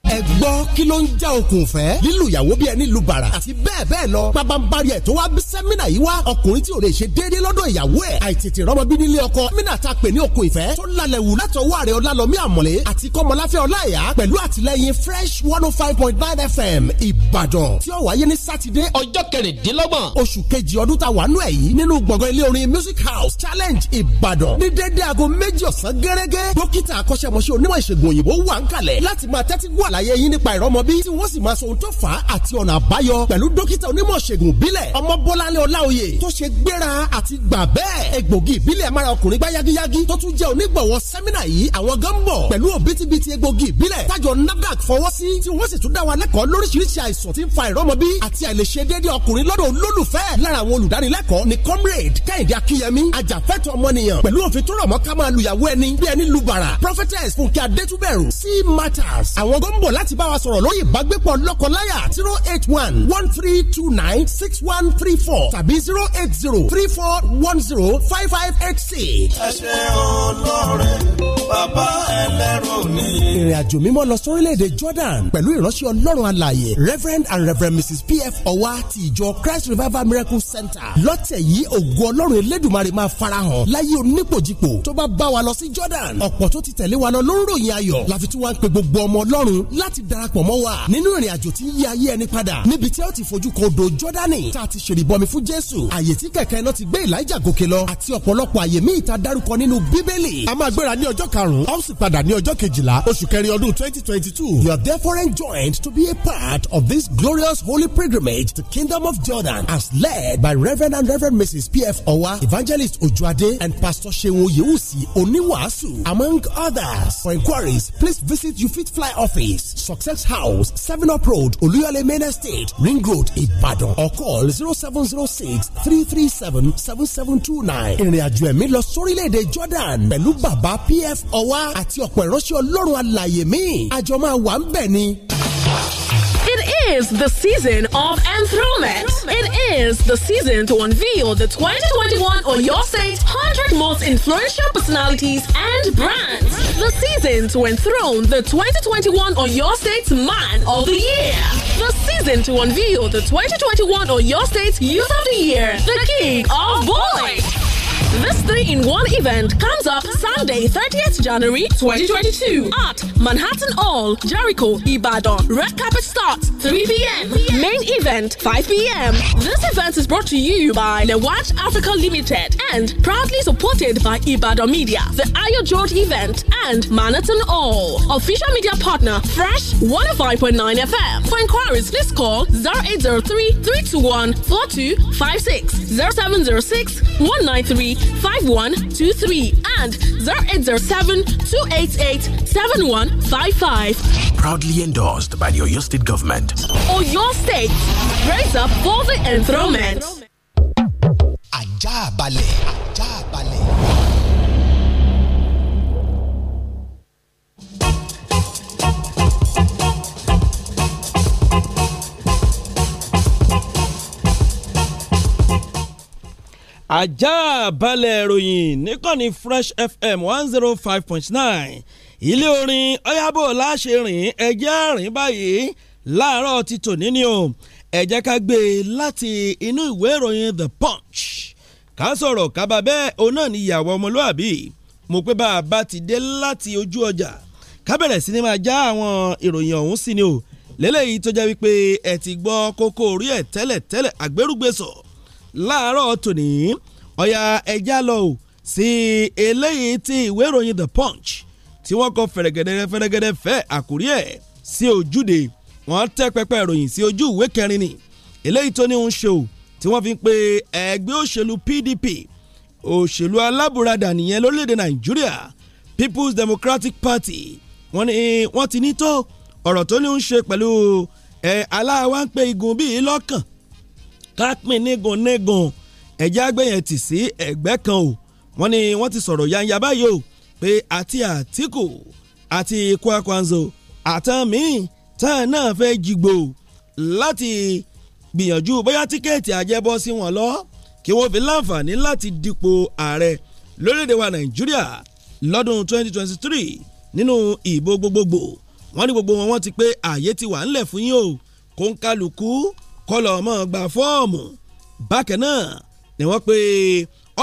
ẹ gbọ́ kí ló ń já okùn fẹ́ lílù ìyàwó bí ẹni lu bàrà àti bẹ́ẹ̀ bẹ́ẹ̀ lọ pabambari ẹ̀ tó wá bí sẹ́mínà yìí wá ọkùnrin tí ò lè ṣe déédéé lọ́dọ̀ ìyàwó ẹ̀ àìtètè rọ́mọ bí nílé ọkọ mínà ta pè ní okùn ìfẹ́ tó lalẹ̀ wù látọwọ́ àrẹ ọlálọ́mí àmọ̀lé àti kọ́mọláfẹ́ ọláìyá pẹ̀lú àtìlẹ́yìn fresh one oh five point nine fm ìbàdàn tí ó wáyé ní sátidé ọjọ́ kẹrìndínlọ́gbọ̀n music house challenge ìbàdàn ní déédéé aago méjì ọ̀sán gẹ́gẹ́ dókítà akọ́ṣẹ́mọṣẹ́ onímọ̀ ìṣègùn òyìnbó wà ń kalẹ̀ láti máa tẹ́tí àlàyé yín nípa ìrọmọbí tí wọ́n sì máa sọ ohun tó fà á àti ọ̀nà àbáyọ pẹ̀lú dókítà onímọ̀ ṣègùn ìbílẹ̀ ọmọ bọ́láńlé ọláoyè tó ṣe gbéra àti gbà bẹ́ẹ̀ egbògi ìbílẹ̀ amára ọkùnrin gbá yagiyagi tó tún jẹ́ onígbọ̀wọ́ sẹ́mínà yìí àwọn gan bọ̀ pẹ̀lú òbítíbitì egbògi ìbílẹ̀ tájọ NAFDAC fọwọ́ sí tí wọ́n sì tún dá wa lẹ́kọ̀ọ́ lóríṣiríṣi àìsàn tí ń fa ìrọmọbí bọ̀ láti bá wa sọ̀rọ̀ lórí ìbágbépọ̀ lọ́kọláya zero eight one one three two nine six one three four tàbí zero eight zero three four one zero five five eight six. ẹ ṣe olóore bàbá ẹlẹ́rù ni. ìrìn àjò mímọ́ lọ sórílẹ̀-èdè Jordan pẹ̀lú ìránṣẹ́ ọlọ́run alààyè Reverend and Reverend Mrs P.F. Ọwa ti ìjọ Christ Revival Miracle Center lọ́tẹ̀ yìí ògo ọlọ́run elédùnmarè máa farahàn láyé onípòjìpò tó bá bá wa lọ sí Jordan ọ̀pọ̀ tó ti tẹ̀lé wa lọ ló ń ayọ̀ láfi tí wọ́n ń pe gbogbo ọmọ ọlọ́run láti darapọ̀ mọ́ wa nínú ìrìn àjò tí ń yí ayé ẹni padà níbi tí ó ti fojú kan odò jọ́dánì tá a ti ṣèrìbọmi fún jésù àyè tí kẹ̀kẹ́ náà ti gbé èlíjà gòkè lọ àti ọ̀pọ̀lọpọ̀ àyè míì ta dárúkọ nínú bíbélì. a máa gbéra ní ọjọ́ karùn-ún a sì padà ní ọjọ́ kejìlá oṣù kẹrin ọdún twenty twenty two. you are therefore enjoined to be a part of this glorious holy pilgrimage to kingdom of jordan as led by reverend and reverend mrs pf owa evangelist ojuade and pastor seun oyewusi oníwàásù among others for inquiries please visit Fly office Success House, 7 Up Road, Oluyale Main Estate, Ring Road, Ibadan. Or call 0706 337 7729. Ìrìn àjò ẹ̀mí Jordan pẹ̀lú bàbá PF Ọwá àti ọ̀pọ̀ ìránṣẹ́ Ọlọ́run alàyè mi. Àjọ máa It is the season of enthronement. It is the season to unveil the 2021 Oyo State 100 most influential personalities and brands. The season to enthrone the 2021 Oyo State Man of the Year. The season to unveil the 2021 Oyo State Youth of the Year. The King of Boys. This three in one event comes up Sunday, 30th January 2022 at Manhattan Hall, Jericho, Ibadan. Red carpet starts 3 p.m. Main event 5 p.m. This event is brought to you by The Watch Africa Limited and proudly supported by Ibadan Media, the Ayo George event, and Manhattan Hall. Official media partner Fresh 105.9 FM. For inquiries, please call 0803 321 4256 0706 193 5123 and 0807 288 7155. Proudly endorsed by the Oyo State Government. Oyo State, raise up for the enthronement. Ajabale. Ajabale. ajá balẹ̀ ìròyìn níkànnì fresh fm one zero five point nine ilé orin ọ̀yàbọ̀ láṣẹ rìn ẹjẹ́ àrìn báyìí láàárọ̀ ti tòní ni o ẹ jẹ́ ká gbé e láti inú ìwé ìròyìn the punch ká sọ̀rọ̀ kábà bẹ́ẹ̀ òun náà ni ìyàwó ọmọlúàbí mo pé bá a bá ti dé láti ojú ọjà ká bẹ̀rẹ̀ sí ni máa já àwọn ìròyìn ọ̀hún sí ni o lélẹ́yìí tó jẹ́ wípé ẹ ti gbọ́ kókó orí ẹ̀ tẹ́lẹ̀ tẹ́lẹ̀ àgbérùgbèsọ̀ so láàárọ̀ tòní ọ̀yà ẹja lọ ò sí eléyìí tí ìwé ìròyìn The Punch tí wọ́n kọ fẹ̀rẹ̀gẹ̀dẹ̀ fẹ̀rẹ̀gẹ̀dẹ̀ fẹ́ àkórí ẹ̀ sí ojúde wọ́n tẹ́ pẹpẹ ìròyìn sí ojú ìwé kẹrin ni eléyìí tó ní ń ṣe ò tí wọ́n fi ń pe ẹgbẹ́ òṣèlú PDP òṣèlú alábùradà nìyẹn lórílẹ̀‐èdè Nàìjíríà People's Democratic Party wọ́n ní wọ́n ti ní tó ọ̀rọ̀ tó ní ń ṣe pẹ̀lú ẹ̀ aláwa ń pe igun bíi lọ́kàn kápin nígun nígun ẹ̀jẹ̀ àgbẹ̀yẹn tì sí ẹ̀gbẹ́ kan o wọ́n ní wọ́n ti sọ̀rọ̀ yanya báyìí o pé àti Àtíkù àti Kwankwaso àtàn míì táwọn náà fẹ́ jìgbò láti gbìyànjú bóyá tíkẹ́ẹ̀tì àjẹbọ́ sí wọn lọ kí wọ́n fi láǹfààní láti dipò ààrẹ lórílẹ̀‐èdè wa Nàìjíríà lọ́dún 2023 nínú ìbò gbogbogbò wọ́n ní gbogbo wọn wọ́n ti pé ààyè ti wà ńlẹ̀ fún yín o kó ń kálukú kọlọ̀ ọmọ gba fọ́ọ̀mù bákan náà ni wọ́n pe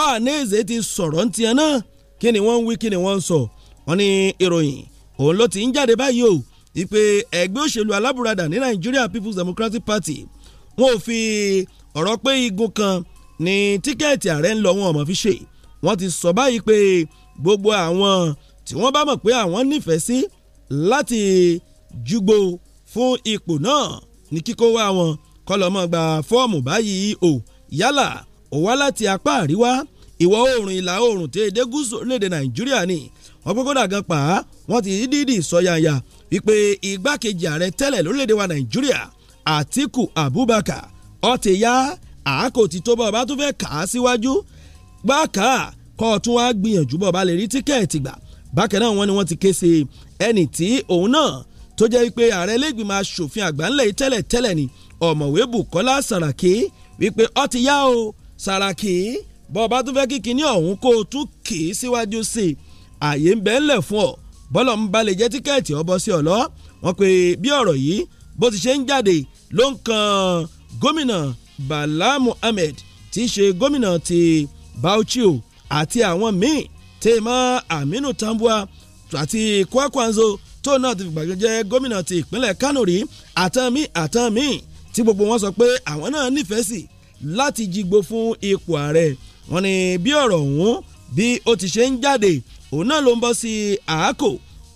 ọ̀hánẹ́ẹ̀zẹ̀ ti sọ̀rọ̀ ń tiẹ̀ náà kí ni wọ́n ń wí kí ni wọ́n ń sọ wọ́n ní ìròyìn òun ló ti ń jáde báyìí o ìpè ẹgbẹ́ òṣèlú alábùradà ní Nigeria People's Democratic Party wọn ò fi ọ̀rọ̀ pé igun kan ní tíkẹ́ẹ̀tì ààrẹ ń lọ wọn ọmọ fi ṣe wọ́n ti sọ báyìí pé gbogbo àwọn tí wọ́n bá mọ̀ pé àwọn nífẹ̀ẹ́ sí láti júgbó fún ipò náà ní kíkó wá wọn kọlọ́mọ gba fọ́ọ̀mù báyìí o yálà ó wá láti apá àríwá ìwọ̀ oòrùn ìlà oòrùn tí èdè gúúsù orílẹ̀-èdè nàìjíríà ni wọ́n pé kódà gan pa wọ́n ti dídì sọ̀yàyà wípé igbákejì ààrẹ tẹ́lẹ̀ lórílẹ̀-èdè wa nàìjíríà àtíkù abubakar ó ti yá àákò ti tó bá ọba tó fẹ́ kà á síwájú gbáàkà kọ́ ọ tún wá gbìyànjú bọ̀ ọba lè rí tíkẹ́ẹ̀tì gbà bákan náà wọ́n ní wọ́n ti ké sí ẹnì tí òun náà tó jẹ́ pé ààrẹ ilégbìmọ̀ asòfin àgbà ńlẹ̀ tẹ́lẹ̀ tẹ́lẹ̀ ni ọ̀mọ̀wé Bùkọ́lá Sàràkí wípé ọ ti yá o Sàràkí bọ́ ọba tó fẹ́ kí kinní ọ̀hún kó o tún kì í síwájú sí i àyè ń bẹ ńlẹ̀ fún ọ bọ́lọ̀ ń balẹ̀ jẹ́ tíkẹ́ẹ̀tì ọbọ sí ọ lọ wọn pe bí ọ̀rọ̀ yìí bó ti ṣe ń jáde ló ń kan gómìnà Bala Muhammed tí í ṣe gómìnà ti Bauchi àti àwọn míì tèèmọ Aminu Tambuwa àti Kwakwanzo tóun náà ti fìgbà jẹ́ gómìnà ti ìpínlẹ̀ Kánò rí àtàn mí àtàn mí tí gbogbo wọn sọ pé àwọn náà nífẹ̀ẹ́ sí láti jígbó fún ipò ààrẹ wọn ni bí ọ̀rọ̀ ọ̀hún bí ó ti ṣe ń jáde òun náà ló ń bọ́ sí àákò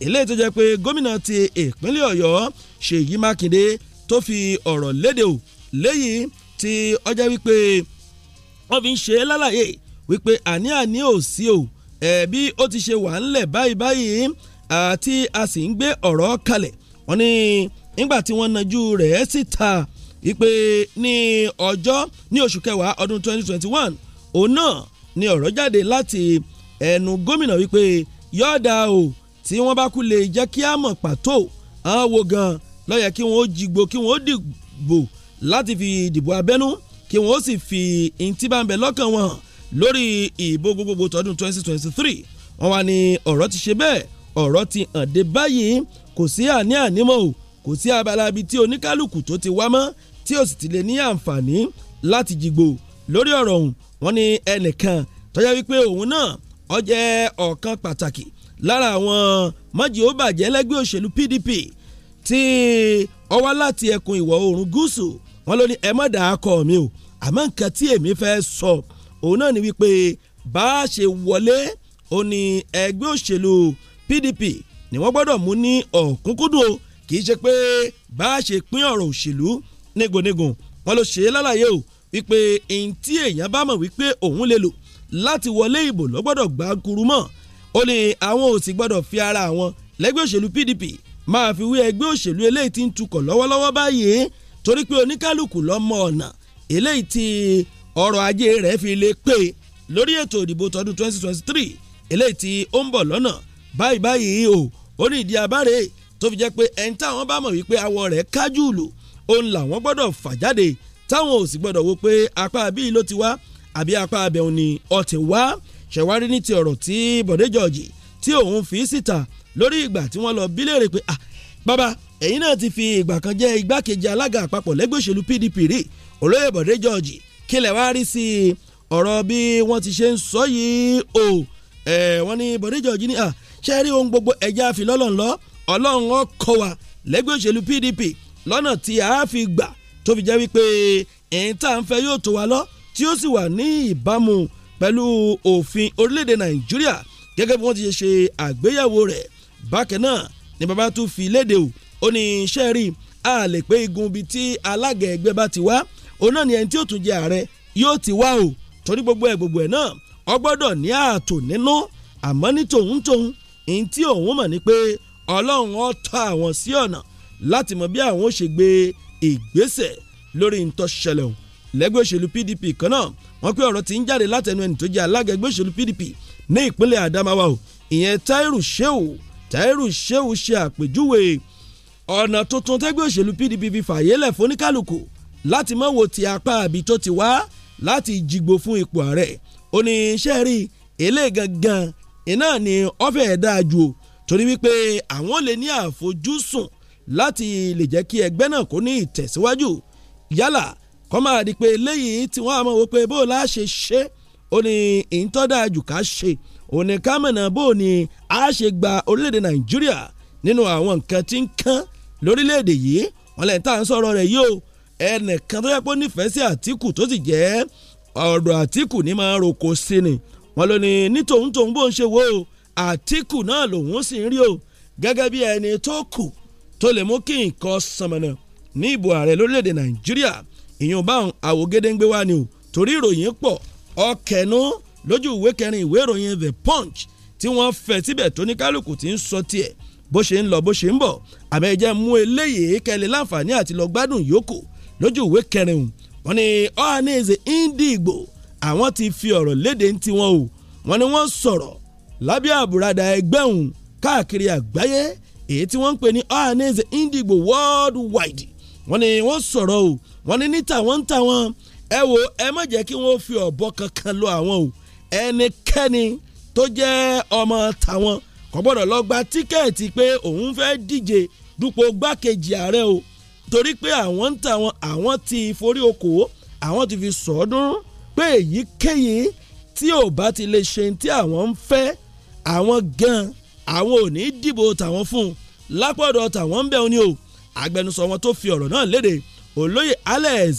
eléyìí tó jẹ́ pé gómìnà ti ìpínlẹ̀ Ọ̀yọ́ Ṣèyí Mákindé tó fi ọ̀rọ̀ léde o léyìí tí ọjọ́ wípé wọ́n fi ń ṣe é lálàyé wípé àní àní ò sí o ẹ̀ẹ́bí ó ti ṣe wà ńlẹ̀ báyìí báyìí àti a sì ń gbé ọ̀rọ̀ kalẹ̀ wọ́n ní nígbà tí wọ́n najú rẹ̀ síta wípé ní ọjọ́ ní oṣù kẹwàá ọdún 2021 òun náà ni ọ̀rọ̀ jáde láti ẹnu gómìnà wípé yọ̀ọ̀dà o tí wọ́n bá kú lè jẹ́ kí a mọ̀ pàtó àwọn wo gan lọ́yẹ kí wọ́n ó jìgbó kí wọ́n ó dìbò láti fi dìbò abẹ́nú kí wọ́n ó sì fi ntí bá ń bẹ lọ́kàn wọn lórí ìbò gbogbogbò tọdún 2023 wọ́n wá ní ọ̀rọ̀ ti ṣe bẹ́ẹ̀ ọ̀rọ̀ ti hàn dé báyìí kò sí àní ànímọ́ o kò sí abala ibi tí oníkálukú tó ti wá mọ́ tí o sì ti lè ní àǹfààní láti jìgbò lórí ọ̀rọ̀ ọ̀hún wọ́n ní ẹnìkan tọ́já wípé òun náà ó jẹ́ ọ̀kan pàtàkì lára àwọn mọ́jì ó bàjẹ́ lẹ́gbẹ́ òṣèlú PDP tí ó wá láti ẹkùn ìwọ̀ oòrùn gúúsù wọn ló ní ẹ má dàá kọ mi o àmọ́ nǹkan tí èmi fẹ́ sọ òun náà ni wípé bá a ṣe wọlé ó ní ẹgbẹ́ òṣèlú PDP ni wọ́n gbọ́dọ̀ mú ní ọ̀kúnkúndùn o kì í ṣe pé bá a ṣe pín ọ̀rọ̀ òṣèlú nígunnígun wọn ló ṣe é lálàyé o wípé ẹni tí èèyàn bá mọ̀ wípé òun lè lò láti wọlé ìbò ló gbọ́dọ̀ gbá kuru mọ́ ó ní àwọn ò gbọ́dọ̀ fi ara àwọn lẹ́gbẹ́ òṣèlú PDP máa fi wí ẹgbẹ́ òṣèlú eléyìí tí ń tukọ̀ lọ́wọ́lọ́wọ́ báyìí torí pé oníkálukú ló mọ ọ̀nà eléyìí tí ọrọ̀ ajé rẹ̀ fi lè pè lórí ètò ìdìbò tọdún 2023 eléyìí tí ó ń bọ̀ lọ́nà báyìí báyìí o ó ní ìdí abáre tó fi jẹ́ pé ẹni táwọn bá mọ̀ wípé awọ rẹ̀ kájú ìlú òun làwọn gbọ́dọ̀ fà jáde táwọn ò sì gbọ́dọ̀ wo pé apá bíi ló ti wá àbí apá abẹ́hùn ni ọ̀tẹ̀ wá ṣẹ̀wárí ní ti ọ̀rọ̀ tí Bọ̀dé George tí òun fi síta lórí ìgbà tí wọ́n lọ bí léèrè pé ah bàbá ẹ̀yin náà ti fi ìgbà kan jẹ́ igbákejì alága àpapọ̀ lẹ́gbẹ́ òṣèlú PDP rí olóyè Bọ̀dé George kílẹ̀ wá rí sí ọ̀rọ̀ bí wọ́n ti ṣe ń sọ yìí o ẹ̀ wọ́n ní Bọ̀dé George ní ah ṣe rí ohun gbogbo ẹja àfi lọ́lọ́run lọ ọlọ́run ọkọ wa lẹ́gbẹ́ òṣèlú PDP lọ́nà tí a fi gbà tó fi jẹ́ wípé ẹ̀yìn tá à ń fẹ́ yóò tó wa lọ tí ó sì wà ní ìbámu pẹ̀lú òfin orílẹ̀-èdè Nàìjíríà gẹ́gẹ́ bí wọ́n ti ṣe àgbéyẹ̀wò rẹ̀ bákan náà ni bàbá tún fi léde o ó ní iṣẹ́ rí a lè pé igun ibi tí alága ẹgbẹ́ bá ti wá òun náà ni ẹni tí ó tún jẹ ààrẹ yóò ti wá o torí gbogbo ẹ̀ gbogbo ẹ̀ náà ó ní ààtò nínú àmọ́ ní tòun tòun ní tí òun mọ̀ ni pé ọlọ́run ó tọ́ àwọn sí ọ̀nà láti mọ bí àwọn ó ṣe gbé ìgbésẹ̀ lórí ntọ́ṣẹlẹ̀ òun lẹ́gbẹ́ òṣèlú PDP kan náà wọ́n pé ọ̀rọ̀ ti ń jáde látẹnu ẹni tó jẹ́ alága ẹgbẹ́ òṣèlú PDP ní ìpínlẹ̀ Adamawa o ìyẹn Tairu Shehu Tairu Shehu ṣe àpèjúwe ọ̀nà tuntun tẹ́gbẹ́ òṣèlú PDP fi fààyè lẹ̀ fún oníkálukú láti mọ̀ wo ti apá àbí tó ti wá láti jìgbò fún ipò ààrẹ ó rí eléyìí iná ni ọ̀fẹ́ ẹ̀ ju o torí wípé àwọn lè ní àfojúsùn láti lè jẹ́ kí ẹgbẹ́ náà kó ní ìtẹ̀síwájú yálà kọ́ máa di pé eléyìí tí wọ́n á mọ̀ wò bó o la ṣe ṣe ó ní ìńtọ́dà jù ká ṣe òun ní kámẹ́nà bó o ní a ṣe gba orílẹ̀-èdè nàìjíríà nínú àwọn nǹkan tí ń kán lórílẹ̀-èdè yìí wọ́n lẹ́yìn tá à ń sọ̀rọ̀ rẹ̀ yìí o ẹnìkan tó yẹ kó nífẹ̀ẹ́ sí àtìkù tó sì jẹ́ ọ̀dọ̀ àtìkù ní máa roko sí ni wọ́n ló ní ní tòun tòun bó ń ṣe wo Àtíkù náà lòun sì ń rí o gẹ́gẹ́ bí ẹni tó kù tó lè mú kí nǹkan sànmọ́nà ní ìbò ààrẹ lórílẹ̀‐èdè Nàìjíríà ìyọ̀n báwọn àwògedengbe wa ni o torí ìròyìn pọ̀ ọkẹ̀nu lójú ìwé kẹrin ìwé ìròyìn The Punch tí wọ́n fẹ̀ síbẹ̀ tó ní kálukú ti ń sọ tiẹ̀ bó ṣe ń lọ bó ṣe ń bọ̀ àmọ́ ẹ jẹ́ mú eléyìí kẹ́lẹ́ láǹfààní àti lọ yòókù lójú ìwé kẹrin wọn ni Ohanaeze Ndigbo àwọn ti fi ọ̀rọ̀ léde ń tiwọn o wọ́n ní wọ́n sọ̀rọ̀ lábẹ́ àbùradà ẹgbẹ́ òun káàkiri àgbáyé èyí tí wọ́n ń pè ní Ohanaeze Ndigbo worldwide wọ́n ní wọ́n sọ̀rọ̀ o wọ́n ní níta wọ́n ń ta wọn ẹ wo ẹ má jẹ́ kí wọ́n fi ọ̀bọ kankan lọ àwọn o ẹnikẹ́ni tó jẹ́ ọmọ tàwọn kò gbọ́dọ̀ lọ gba tíkẹ́ẹ̀tì pé òun fẹ́ díje dupò gbákejì ààrẹ o torí pé àwọn ń ta wọn àwọn ti forí okòó àwọn ti fi sọ̀ọ́dún pé èyíkéyìí tí ò bá ti lè ṣe tí àwọn ń fẹ́ àwọn gan àwọn ò ní dìbò tàwọn fún un lápọ̀dọ̀ tàwọn ń bẹ̀ òní o agbẹnusọ wọn tó fi ọ̀rọ̀ náà léde olóyè Alex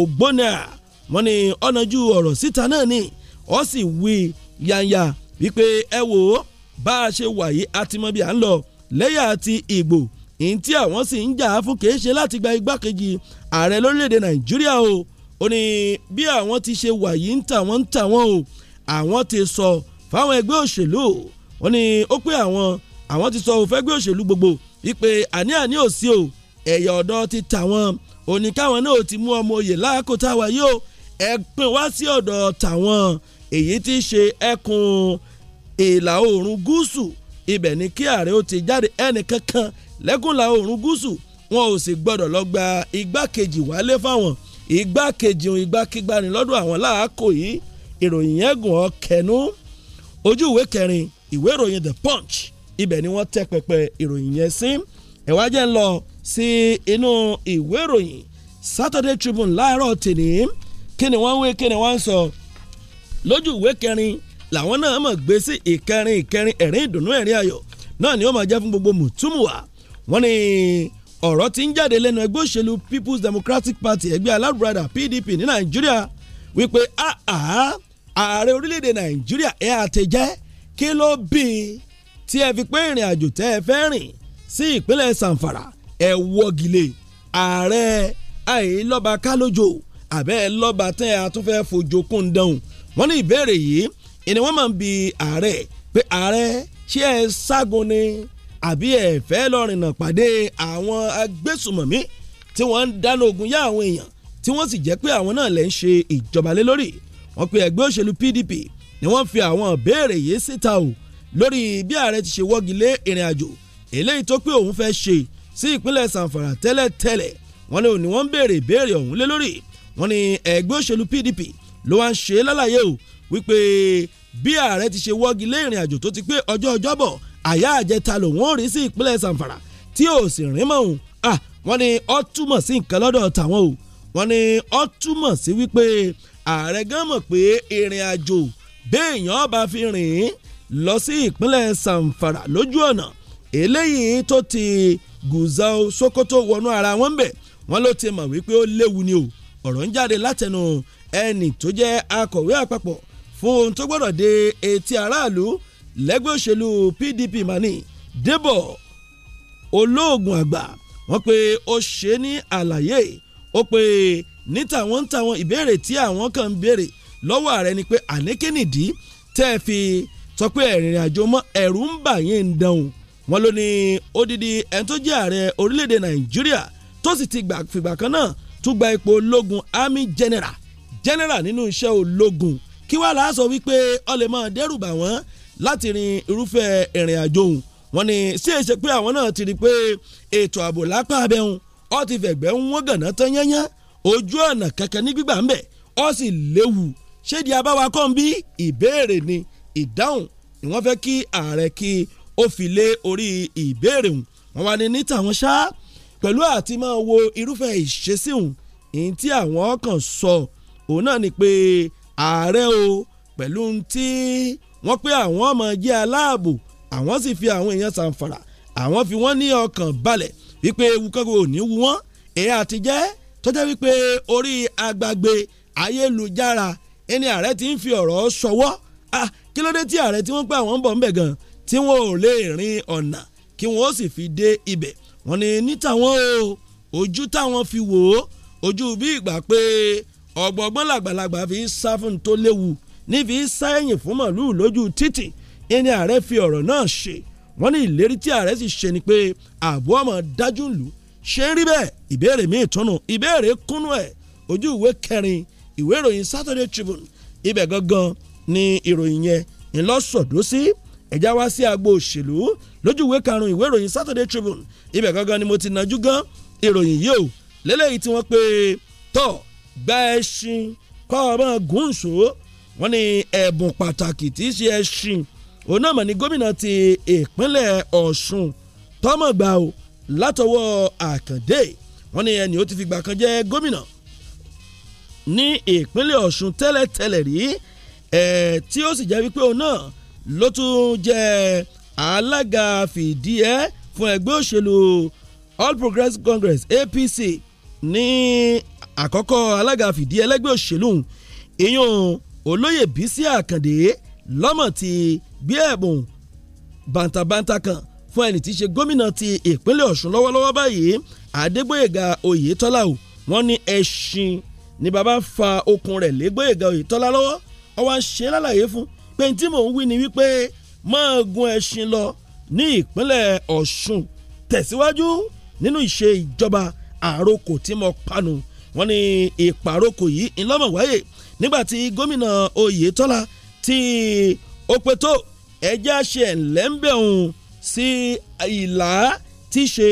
Ogbonna wọ́n ní ọ̀nàjú ọ̀rọ̀ síta náà ni ó sì wí yanya wípé ẹ wò ó bá a ṣe wà yìí a ti mọ bí a ń lọ lẹ́yà ti ìgbò ìyìn tí àwọn sì ń jà á fún kìí ṣe láti gba igbákejì ààrẹ lórílẹ̀‐èdè Nàìjíríà o ó ní bí àwọn ti ṣe wà yìí ń tà wọ́n ń tà wọ́n o àwọn ti sọ fáwọn ẹgbẹ́ òṣèlú ó ní ó pé àwọn àwọn ti sọ òfẹ́gbẹ́ òṣèlú gbogbo wípé àní àní ò sí o ẹ̀yà ọ̀dọ́ ti tà wọ́n ó ní káwọn náà ti mú ọmọ òye láàkó táwa yìí o ẹ pín wá sí ọ̀dọ̀ tàwọn èyí ti ṣe ẹkùn ìlà oòrùn gúúsù ibẹ̀ ni kí ààrẹ ó ti jáde ẹnìkankan lẹ́kùnlá oòrùn gúúsù wọn ò sì gbọ́dọ̀ lọ gba igbákejì wálé fáwọn igbákejì òun igbákígbá ni lọ́dọ̀ àwọn láàkó yìí ìròyìn yẹn gùn ọ́ kẹnu ojú ìwé kẹrin ìwé ìròyìn the punch ibẹ̀ ni wọ́n tẹ́ pẹpẹ ìròyìn yẹn sí ẹ̀wá ń lọ sí inú ìwé ìròyìn Saturday Tribune láàárọ̀ tèmi kí ni wọ́n ń wé kí ni wọ́n ń sọ lójú ìwé kẹrin làwọn náà mọ̀ gbé sí ìkẹrin ìkẹrin ẹ̀rín ìdùnnú ẹ̀rín ayọ̀ náà ni ó máa jẹ́ fún gbogbo mùtúmùwà wọ́n ní ọ̀rọ̀ tí ń jáde lẹ́nu ẹgbẹ́ òṣèlú People's Democratic Party ẹgbẹ́ alábùradà PDP ní Nàìjíríà wípé ah, ah, ààrẹ orílẹ̀-èdè Nàìjíríà ẹ̀ àtẹ̀jẹ́ kí ló bí i tí ẹ fi pé ìrìn àjò tẹ́ ẹ fẹ́ rìn sí ìpínlẹ̀ Sàǹfàrà ẹ̀ wọ́gilé ààrẹ àìlọ́ba kálójò àbẹ́ ẹ̀ lọ́ba tẹ́ ẹ tún fẹ́ fojokún dánwò wọ́n ní ìbéèrè yìí ìní wọ́n máa ń bi ààrẹ pé ààrẹ ṣé ẹ ságun ni àbí ẹ fẹ́ lọ rìnnà pàdé àwọn agbésùmọ̀mí tí wọ́n ń dáná ogun yá àwọn èèyàn tí wọ́n sì jẹ́ pé àwọn náà lè ń ṣe ìjọba lé lórí wọ́n pe ẹgbẹ́ òṣèlú PDP ni wọ́n fi àwọn ìbéèrè yìí síta o lórí bí ààrẹ ti ṣe wọ́gi lé ìrìn àjò eléyìí tó pé òun fẹ́ ṣe sí ìpínlẹ̀ Sanfara tẹ́lẹ̀tẹ́lẹ̀ wọ́n ní òní wọ́n ń béèrè ìbéèrè ọ̀hún lé lórí wọ́n ní ẹgbẹ́ òṣèlú PDP ló wá ń ṣe lálàyé o wípé bí ààrẹ ti ṣe wọ́gi lé ìrìn àjò tó ti pé ọjọ́ ọjọ́bọ̀ àyà àjẹta lòun ò rí sí ìpínlẹ̀ Zamfara tí ò sì rí mọ́ òun à wọ́n ní ó túmọ̀ sí nǹkan lọ́dọ̀ tàwọn o wọ́n ní ó túmọ̀ sí wípé ààrẹ gan mọ̀ pé ìrìn àjò béèyàn bá fi rìn lọ sí ìpínlẹ̀ Zamfara lójú ọ̀nà eléyìí tó ti Gùzọ́ Sokoto wọnú ara wọn bẹ̀ wọ́n ló ti mọ̀ wípé ó léwu ni o ọ̀rọ̀ ń jáde látẹnu ẹnì tó jẹ́ akọ̀wé àpapọ̀ fún ohun tó gbọ́dọ̀ dé etí aráàlú lẹ́gbẹ́ òṣèlú PDP mani debo olóògùn àgbà wọ́n pé ó ṣe ní àlàyé ó pé ní tàwọn tàwọn ìbéèrè tí àwọn kan ń béèrè lọ́wọ́ ààrẹ ni pé àníkínìdí tẹ́ ẹ fi sọ pé ẹ̀rìnrìn àjò mọ́ ẹ̀rù ń bà yín ń dánwò wọ́n ló ní odidi ẹni tó jẹ́ ààrẹ orílẹ̀-èdè Nàìjíríà tó sì ti fìgbà kan náà tún gba ipò ológun army general general nínú iṣẹ́ ológun kí wàá láàsọ wípé ó lè máa dẹ́rù bà wọ́n láti rin irúfẹ́ ìrìn àjò òun wọ́n ní sí èsè pé àwọn náà ti rí i pé ètò ààbò lápá abẹ́hùn ó ti fẹ̀gbẹ́ ń wọ́n gànà tán yányán ojú ọ̀nà kankan ní gbígbà ń bẹ̀ ó sì léwu ṣédi abáwa kọ́ ń bí ìbéèrè ni ìdáhùn ni wọ́n fẹ́ kí ààrẹ kí ó fi lé orí ìbéèrè hùn wọ́n wá ní ní tàwọn ṣá pẹ̀lú àti máa wo irúfẹ́ ìṣesí hùn ìyìn tí àwọn kan sọ òun náà ni pé ààrẹ o pẹ̀lú ti wọ́n pé àwọn ọmọ jẹ́ aláàbò àwọn sì fi àwọn èèyàn ṣàǹfàrà àwọn fi wọ́n ní ọkàn balẹ̀ wípé ewu kankan ò ní wú wọ́n èyí àtijẹ́ tọ́jà wípé orí agbàgbé ayélujára ẹni ààrẹ ti ń fi ọ̀rọ̀ ṣọwọ́ ah kí ló dé tí ààrẹ tí wọ́n pé àwọn ń bọ̀ ńbẹ̀ gan tí wọ́n ò lè rin ọ̀nà kí wọ́n ó sì fi dé ibẹ̀ wọ́n ní ní tàwọn o ojú táwọn fi wò ó ojú bí ìgbà pé ọ̀gbọ̀gbọ́n làgbàlagbà fi sáfún tó léwu níbi sáyẹ̀yìn fún màálù lójú títì ẹni ààrẹ fi ọ̀rọ̀ náà ṣe wọ́n ní ìlérí tí ààrẹ sì ṣe ni pé ààbò ọmọ dájú lù ṣé ń rí bẹ́ẹ̀ ìbéèrè míì túnú ìbéèrè kúnú ẹ̀ ojú ìwé kẹrin ìwé ìròyìn Saturday Tribune ibẹ̀ gangan ni ìròyìn yẹn ńlọ́sọ̀dọ́ sí ẹ̀já wá sí agbo òṣèlú lójú ìwé karùn-ún ìwé ìròyìn Saturday Tribune ibẹ̀ gangan ni mo ti najú gan ìròyìn yìí o lélẹ́yìí tí wọ́n pe tọ́ gba kọ́ ọmọ wọ́n ní ẹ̀bùn pàtàkì tí í ṣe ẹṣin òun náà mọ̀ ní gómìnà ti ìpínlẹ̀ Ọ̀ṣun tọ́mọ̀gbà o látọwọ́ Àkàndé wọ́n ní ẹni ó ti fìgbà kan jẹ́ gómìnà ní ìpínlẹ̀ Ọ̀ṣun tẹ́lẹ̀tẹ́lẹ̀ rí ẹ̀ tí ó sì jẹ́ wípé òun náà ló tún jẹ́ alága fìdíẹ́ fún ẹgbẹ́ òṣèlú All Progressives Congress APC ní àkọ́kọ́ alága fìdíẹ́ lẹ́gbẹ́ òṣèlú ìyún olóyè bísí àkàndé lọ́mọ̀ ti gbé ẹ̀bùn bàǹtàbàǹtà kan fún ẹni tí í ṣe gómìnà ti ìpínlẹ̀ ọ̀ṣun lọ́wọ́lọ́wọ́ báyìí adégbóyèga oyètọ́lá o wọ́n ní ẹṣin ni bàbá fa okùn rẹ̀ légbóyèga oyètọ́lá lọ́wọ́ ó wá ń ṣe lálàyé fún pé tí mò ń wí ni wípé máa gun ẹṣin lọ ní ìpínlẹ̀ ọ̀ṣun tẹ̀síwájú nínú ìṣe ìjọba àrokò tí mo panu wọ́n ní ìpàrokò yìí ńlọ́mọ̀ wáyé nígbàtí gómìnà Oyètọ́lá tí ó pé tó ẹjẹ́ àṣẹ sí ìlà tí ṣe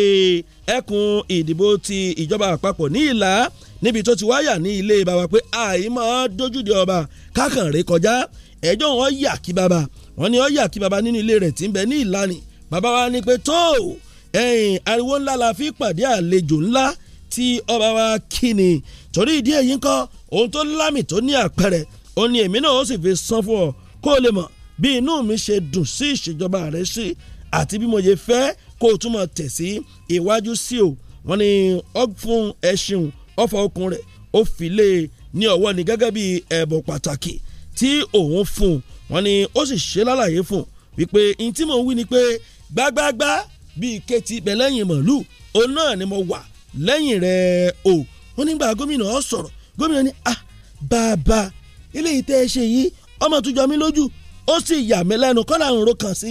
ẹkùn ìdìbò ti ìjọba àpapọ̀ ní ìlà níbi tó ti wáyà ní ilé bàbá pé àìmọ́ dójúde ọba kákànrè kọjá ẹjọ́ wọn yà kí bàbá wọn ni ó yà kí bàbá nínú ilé rẹ̀ tí ń bẹ ní ìlànì bàbá wa ni pé tó ẹ̀yìn ariwo ńlá la fi pàdé àlejò ńlá tí ọba wa kí ni torí ìdí èyí ń kọ́ ohun tó lámì tó ní àpẹẹrẹ ó ní èmi náà ó sì fi san fún ọ kó o lè mọ̀ bí inú mi ṣe dùn sí ìṣèjọba rẹ sí àti bí mo ṣe fẹ́ kó o tún mọ̀ tẹ̀ sí iwájú sí o wọ́n ní ọ̀fun ẹṣin ọ̀fà okùn rẹ̀ ó fi lé e ní ọwọ́ ni gẹ́gẹ́ bí ẹ̀bùn pàtàkì tí òun fún un wọ́n ní ó sì ṣe lálàyé fún un wípé n tí mò ń wí ni pé gbágbágbá bíi kẹ́tì bẹ̀lẹ́yìn mọ̀lú òun náà ni mo wà lẹ́yìn rẹ̀ o wọ́n nígbà gómìnà ọ̀ sọ̀rọ̀ gómìnà ní ah bàbá eléyìí tẹ́ ẹ ṣe yìí ọmọ tó jọ mí lójú ó sì yà mí lẹ́nu kọ́ làwọn ro kàn sí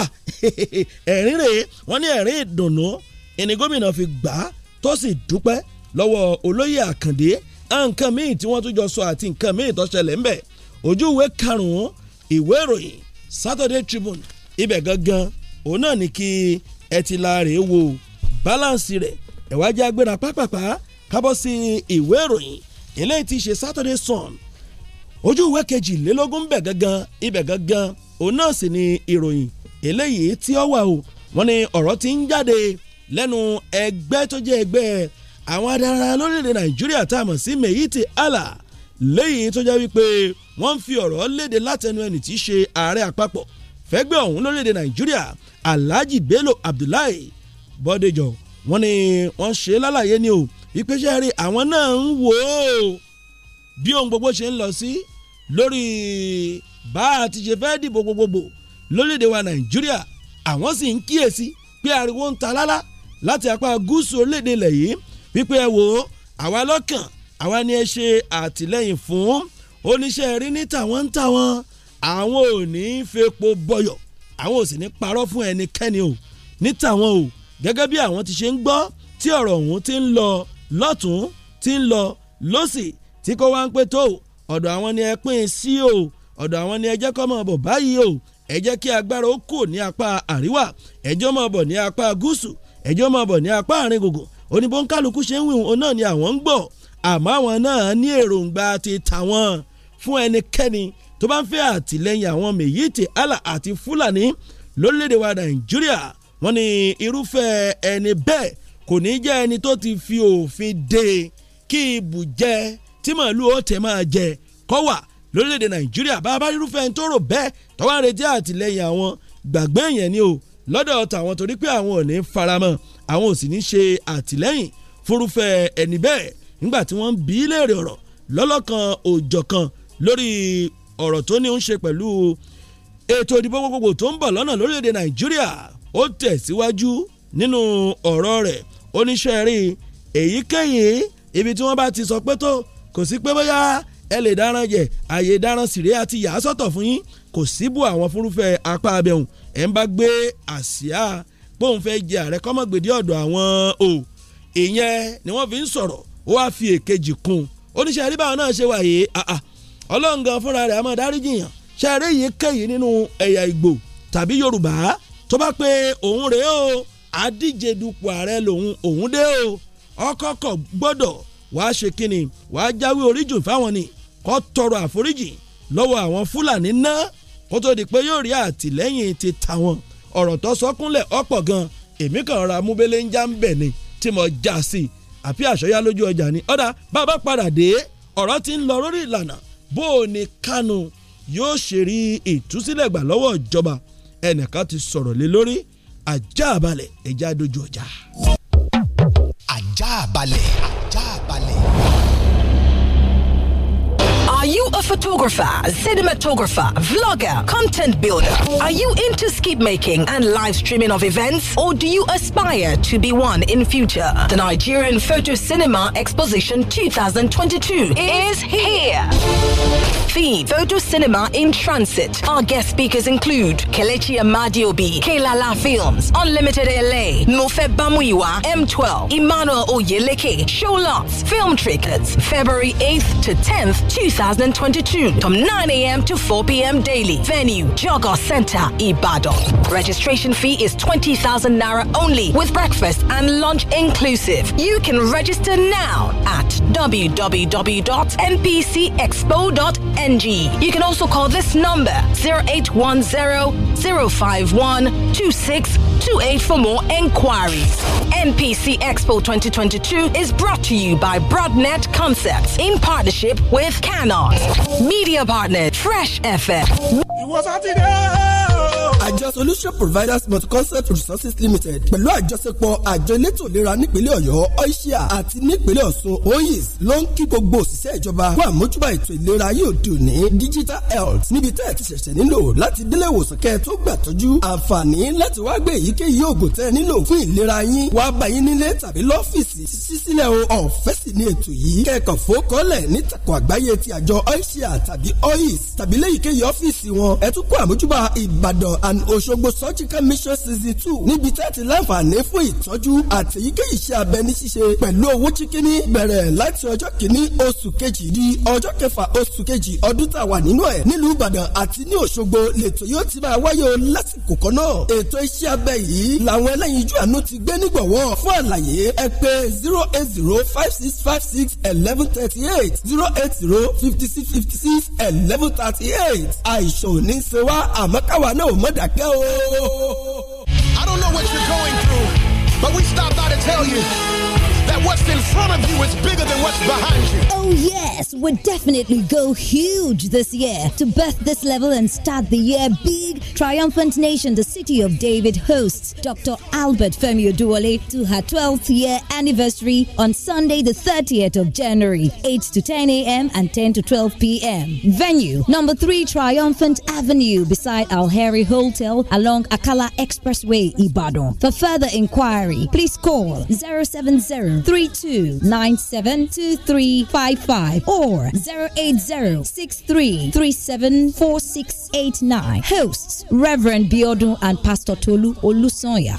ah ẹ̀rín rèé wọ́n ní ẹ̀rín ìdùnnú ìní gómìnà fi gbà á tó sì dúpẹ́ lọ́wọ́ olóyè àkàndé ah, nǹkan míì tí wọ́n tún jọ sọ àti nǹkan míì tó ṣẹlẹ̀ ńbẹ̀ ojú karùn-ún ìwé ìròyìn Saturday Tribune ibẹ̀ gangan òun náà ní kí ẹ ti la rèé wo balance rẹ̀ ẹ̀wájú agbéra pápápá kábọ̀ sí ìwé ìròyìn eléyìí ti ṣe Saturday Sun ojú ìwé kejìlélógún bẹ̀ gangan ibẹ̀ gangan òun náà sì ni ìròyìn eléyìí tí ó wà o wọ́n ní ọ̀rọ̀ ti ń jáde lẹ́nu ẹgbẹ́ tó jẹ́ ẹgbẹ́ àwọn adarara lórílẹ̀ Nàìjíríà tá a mọ̀ sí Meyiti Allah léyìí tó jẹ́ wípé wọ́n ń fi ọ̀rọ̀ léde látẹnu ẹni tí í ṣe ààrẹ àpapọ̀ fẹ́gbẹ́ ọ̀hún lórílẹ̀ Nàìjíríà Alhaji Bello Abdullahi Bọ́dẹjọ́ wọ́n ní wọ́n ṣe lálàyé ni o ìpèsè rí àwọn náà ń wò ó bí ohun gbogbo ṣe ń lọ sí lórí bá a ti ṣe fẹ́ dìbò gbogbogbò lórílẹ̀‐èdè wa Nàìjíríà àwọn sì ń kíyèsí pé ariwo ń ta lálá láti apá gúúsù orílẹ̀‐èdè ilẹ̀ yìí wípé ẹ wò ó àwa lọ́kàn àwa ni ẹ ṣe àtìlẹ́yìn fún oníṣẹ́ rí ní tàwọn ń tàwọn àwọn ò ní í fepo bọyọ̀ àwọn ò sì ní parọ́ fún ẹnikẹ́ni o ní tàwọn o gẹ́gẹ́ bí àwọn ti ṣe ń gbọ́ tí ọ̀rọ̀ ọ̀hún ti ń lọ lọ́tún ti ń lọ lọ́sì tí kò wá ń pé tó ọ̀dọ̀ àwọn ni ẹ pín sí o ọ̀dọ̀ àwọn ni ẹ jẹ́ kó máa bọ̀ báyìí o ẹ jẹ́ kí agbára ó kù ní apá àríwá ẹ jẹ́ bọ̀ ní apá gúúsù ẹ jẹ́ bọ̀ ní apá àárín gbùngbùn oníbóńkálukú ṣe ń wí òun náà ni àwọn ń gbọ́ àmọ́ àwọn náà ní èròǹgbà ti tàwọn fún ẹnikẹ́ni tó bá ń fẹ́ àtìlẹ́yìn àwọn Mèyítì Allah àti Fúlàní lórílẹ̀‐èdè wa Nàìjíríà wọ́n ní irúfẹ́ ẹni bẹ́ẹ̀ kò ní jẹ́ ẹni tó ti fi òfin de kí ibùjẹ tí màálù ó tẹ̀ máa jẹ kọ́ wà lórílẹ̀‐èdè nàìjíríà bá a bá irúfẹ́ ẹni tó rò bẹ́ẹ̀ tọ́wọ́ àrètí àtìlẹ́yìn àwọn gbàgbé yẹn ni o lọ́dọ̀ tàwọn torí pé àwọn ò ní faramọ́ àwọn ò sì ní ṣe àtìlẹ́yìn fúrúfẹ́ ẹni bẹ́ẹ̀ nígbà tí wọ́n ń bí léèrè ọ̀rọ̀ lọ́lọ́kan òjọ̀kan lórí ọ̀rọ̀ tó ní ń ṣe pẹ̀lú ètò ìdìbò gbogbogbò tó ń bọ̀ lọ́nà lórílẹ̀‐èdè nàìjíríà ó tẹ̀síwájú nínú ọ̀rọ̀ rẹ̀ oníṣẹ́ rí èyíkéyìí ibi tí wọ́n bá ti sọ pé tó kò sí pé bóyá ẹ lè dáràn jẹ àyè dáràn sìrè àti yàá sọ̀tọ̀ fún yín kò síbò àwọn fúrúfẹ́ apá abẹ́hùn ẹ̀ ń bá gbé àsíá póun fẹ́ jẹ ààrẹ kọ́mọ̀gbèdé ọ̀dọ̀ àwọn o ìyẹn ni wọ́n fi ń sọ̀rọ̀ ó wáá fi èkejì kún oníṣẹ́ àríbá náà ṣe wáyé ọlọ́ǹgàn fúnra rẹ̀ àmọ́ dáríjìyàn ṣe eré yìí kẹ́yìn nínú ẹ̀yà Ìgbò tàbí Yorùbá tó bá pé òun rèé o àdíje dupò ààrẹ lòun òun dé o ọkọ̀ọ̀kọ̀ gbọ́dọ̀ wàá ṣe kínni wàá jáwé oríjìn fáwọn ni kó tọrọ àforíjì lọ́wọ́ àwọn fúlàní ná kó tó di pé yóò rí àtìlẹ́yìn ti tàwọn ọ̀rọ̀ tó sọkúnlẹ̀ ọ̀pọ̀ gan èmi kàn ra múbélé ń já ń bẹ̀ ni tí mo já sí i àfi àṣọyá lójú ọjà ni ọ̀dà bàbá padà dé ọ̀rọ̀ ti ń lọ lórí ìlànà bó o ní Kánú yóò ṣe rí ìtúsílẹ̀ gbà lọ́wọ́ ìjọba ẹnìkan ti sọ̀rọ̀ lé lórí ajá balẹ̀ ẹja dojú ọjà. ajá balẹ̀ ajá balẹ̀. Are you a photographer, cinematographer, vlogger, content builder? Are you into skip making and live streaming of events? Or do you aspire to be one in future? The Nigerian Photo Cinema Exposition 2022 is here. Theme Photo Cinema in Transit. Our guest speakers include Kelechi Amadiobi, Kelala Films, Unlimited LA, Nofe Bamuiwa, M12, Emmanuel Oyeleke, Show Lots, Film February 8th to 10th, 2022. 2022 from 9 a.m. to 4 p.m. daily. Venue Jogger Center, Ibadan. Registration fee is 20,000 naira only with breakfast and lunch inclusive. You can register now at www.npcexpo.ng. You can also call this number 0810 051 2628 for more enquiries. NPC Expo 2022 is brought to you by Broadnet Concepts in partnership with Canon lost. Media partner, Fresh FM. It was hot in àjọ solution providers multi-concept resources limited pẹ̀lú àjọṣepọ̀ àjọ elétò ìlera nípínlẹ̀ ọ̀yọ́ oisia àti nípínlẹ̀ ọ̀ṣun oyis ló ń kí gbogbo òṣìṣẹ́ ìjọba fún àmójúbà ètò ìlera yóò di òní digital health níbi tẹ́ ẹ̀ ti ṣẹ̀ṣẹ̀ nílò láti délé ìwòsàn kẹ́ ẹ tó gbà tọ́jú àǹfààní láti wá gbé èyíkéyìí òògùn tẹ́ ẹ nílò fún ìlera yín wá bá yín nílé tàbí lọ́fíìsì sísílẹ̀ o ọ̀fẹ́ sì ni ètò yìí kẹ́kọ̀ọ́ fòókọ́lẹ̀ nítakùn àgbáyé ti àjọ oisia tàbí oyis tàbí léyìíkéyìí ọ́fíìsì wọn ẹ tún kó àmójúbà ìbàdàn and Òṣogbo surgical mission season two níbi tí a ti láǹfààní fún ìtọ́jú àti èyíkéyìí iṣẹ́ abẹ ní ṣíṣe pẹ̀lú owó chíkíní bẹ̀rẹ̀ láti ọjọ́ kìíní oṣù kejì di ọjọ́ kẹfà oṣù kejì ọdún tá a wà nínú ẹ̀ nílùú Ìbàdàn àti ní Òṣogbo lẹ́tọ̀ yóò ti máa wáyé o lásìkò kan náà ètò iṣẹ́ abẹ yìí làwọn ẹlẹ́yinjú àánú ti gbé nígbọ̀wọ́ fún àlàyé ẹ pè zero eight zero five six five six eleven thirty eight zero eight zero fifty six fifty six eleven thirty eight àìsàn ò ní í àmọ́ káwa náà back. Yo. I don't know what you're going through, but we stopped by to tell you that what's in front of you is bigger than what's behind you. Oh, yes, we will definitely go huge this year to birth this level and start the year big. Triumphant Nation, the city of David, hosts Dr. Albert Femio Oduole to her 12th year anniversary on Sunday, the 30th of January, 8 to 10 a.m. and 10 to 12 p.m. Venue number 3 Triumphant Avenue beside Al Harry Hotel along Akala Expressway, Ibadan. For further inquiry, please call 070 32972355 or zero eight zero six three three seven four six eight nine. Hosts Reverend Biodun and Pastor Tolu Olusoya.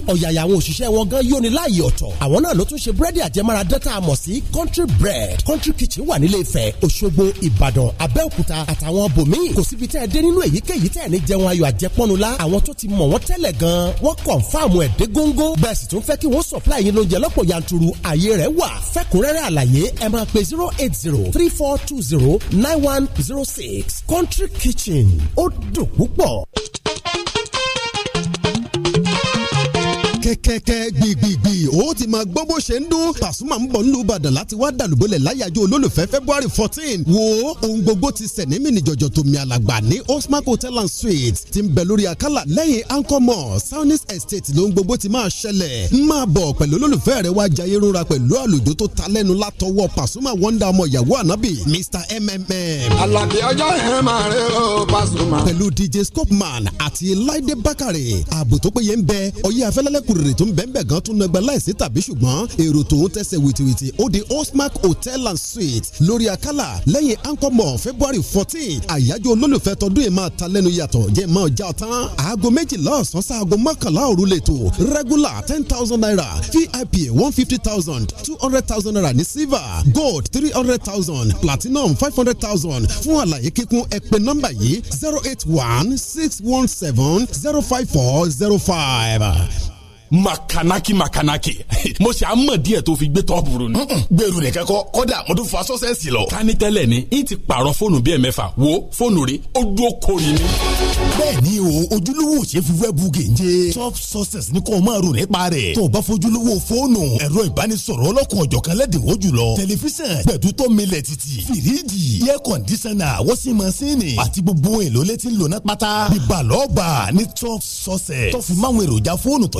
ọ̀yàyà àwọn òṣìṣẹ́ wọn gan yóni láàyè ọ̀tọ̀ àwọn náà ló tún ṣe búrẹ́dì àjẹmára dẹ́ta àmọ̀ sí country bread country kitchen wà nílé Ifẹ̀ Òṣogbo Ìbàdàn Abẹ́òkúta àtàwọn bòmíì kò síbi tẹ́ ẹ dé nínú èyíkéyìí tẹ́ ẹ ní jẹun ayọ̀ àjẹpọ́nulá àwọn tó ti mọ̀ wọ́n tẹ́lẹ̀ gan wọ́n kọ̀ǹfàmù ẹ̀ dé góńgó bẹ́ẹ̀ sì tún fẹ́ supply yín lóúnjẹ lọ́pọ̀ yanturu àyè rẹ̀ wà fẹ́kúnrẹ́rẹ́ àlàyé ẹ zero eight zero three four two zero nine one zero six country kitchen ó dùn kẹ́kẹ́kẹ́ gbìgbìgbì ó ti máa gbọ́ bó ṣe ń dún Pasuma ń bọ̀ nílùú Ìbàdàn láti wá dàlúbọ̀lẹ̀ láyàjọ́ olólùfẹ́ February fourteen wo ohun gbogbo ti sẹ̀ ní mìnìjọ̀jọ̀ tó mi àlàgbà ní Osmark Hotel and Suites ti ń bẹ lórí àkàlà lẹ́yìn Anchor Saunis Estate lóhun gbogbo ti máa ṣẹlẹ̀ ń máa bọ̀ pẹ̀lú olólùfẹ́ rẹ wá jayé rúra pẹ̀lú àlùjọ tó ta lẹ́nu látọwọ́ Pasuma wonder ọmọ ìyàwó Mr mmm. Àlàbí ọjọ́ yẹn máa rẹ o Pasuma. DJ Scopeman àti Láìdé Bákàrẹ̀ ààbò tó péye ń bẹ ọyẹ́ rere tó ń bẹ́ẹ̀nbẹ́ẹ̀ gan tún nàgbà láìsí tàbí ṣùgbọ́n èrò tòun tẹ̀sẹ̀ wìtìwìtì ó di Housemark Hotel and Suites lórí Akala lẹ́yìn Angkor Mall February fourteen àyájọ́ olólùfẹ́ tọdún yìí máa ta lẹ́nu yàtọ̀ jẹ́ máa já ọ tán aago méjìlá ọ̀sán sáago mọ́kànlá òru lẹ́tọ̀ regular ten thousand naira VIP one fifty thousand two hundred thousand naira ní silver gold three hundred thousand platinum five hundred thousand fún àlàyé kíkún ẹ pè nọ́mbà yìí zero eight one six one seven zero five four zero five makanaki makanaki mo ṣe àmọ̀ díẹ̀ tó fi gbé tọ́pù rò ni. gbèrú nìkan kọ kọ́dà mo tún fa sọ́sẹ̀sì lọ. kání tẹ́lẹ̀ ni n ti pààrọ̀ fóònù bíi ẹ̀mẹ́fà wo fóònù rí ó dúró kori ni. bẹ́ẹ̀ni o ojúlówó ṣe fífẹ́ bu gèje top success ni kò máa rò nípa rẹ̀ tó o bá fojúlówó fóònù ẹ̀rọ ìbánisọ̀rọ̀ ọlọ́kùn ọ̀jọ̀kan lẹ́dínwó jùlọ tẹlifíṣàn gbẹ̀dútọ́ milẹ̀ títì fìríjì iye kọ̀ndísánà wọ́sí masínì àti gbogbo èlò létí lónà pátá bíbalọ́ọ̀bà ní top success tó fi máwọn èròjà fóònù tó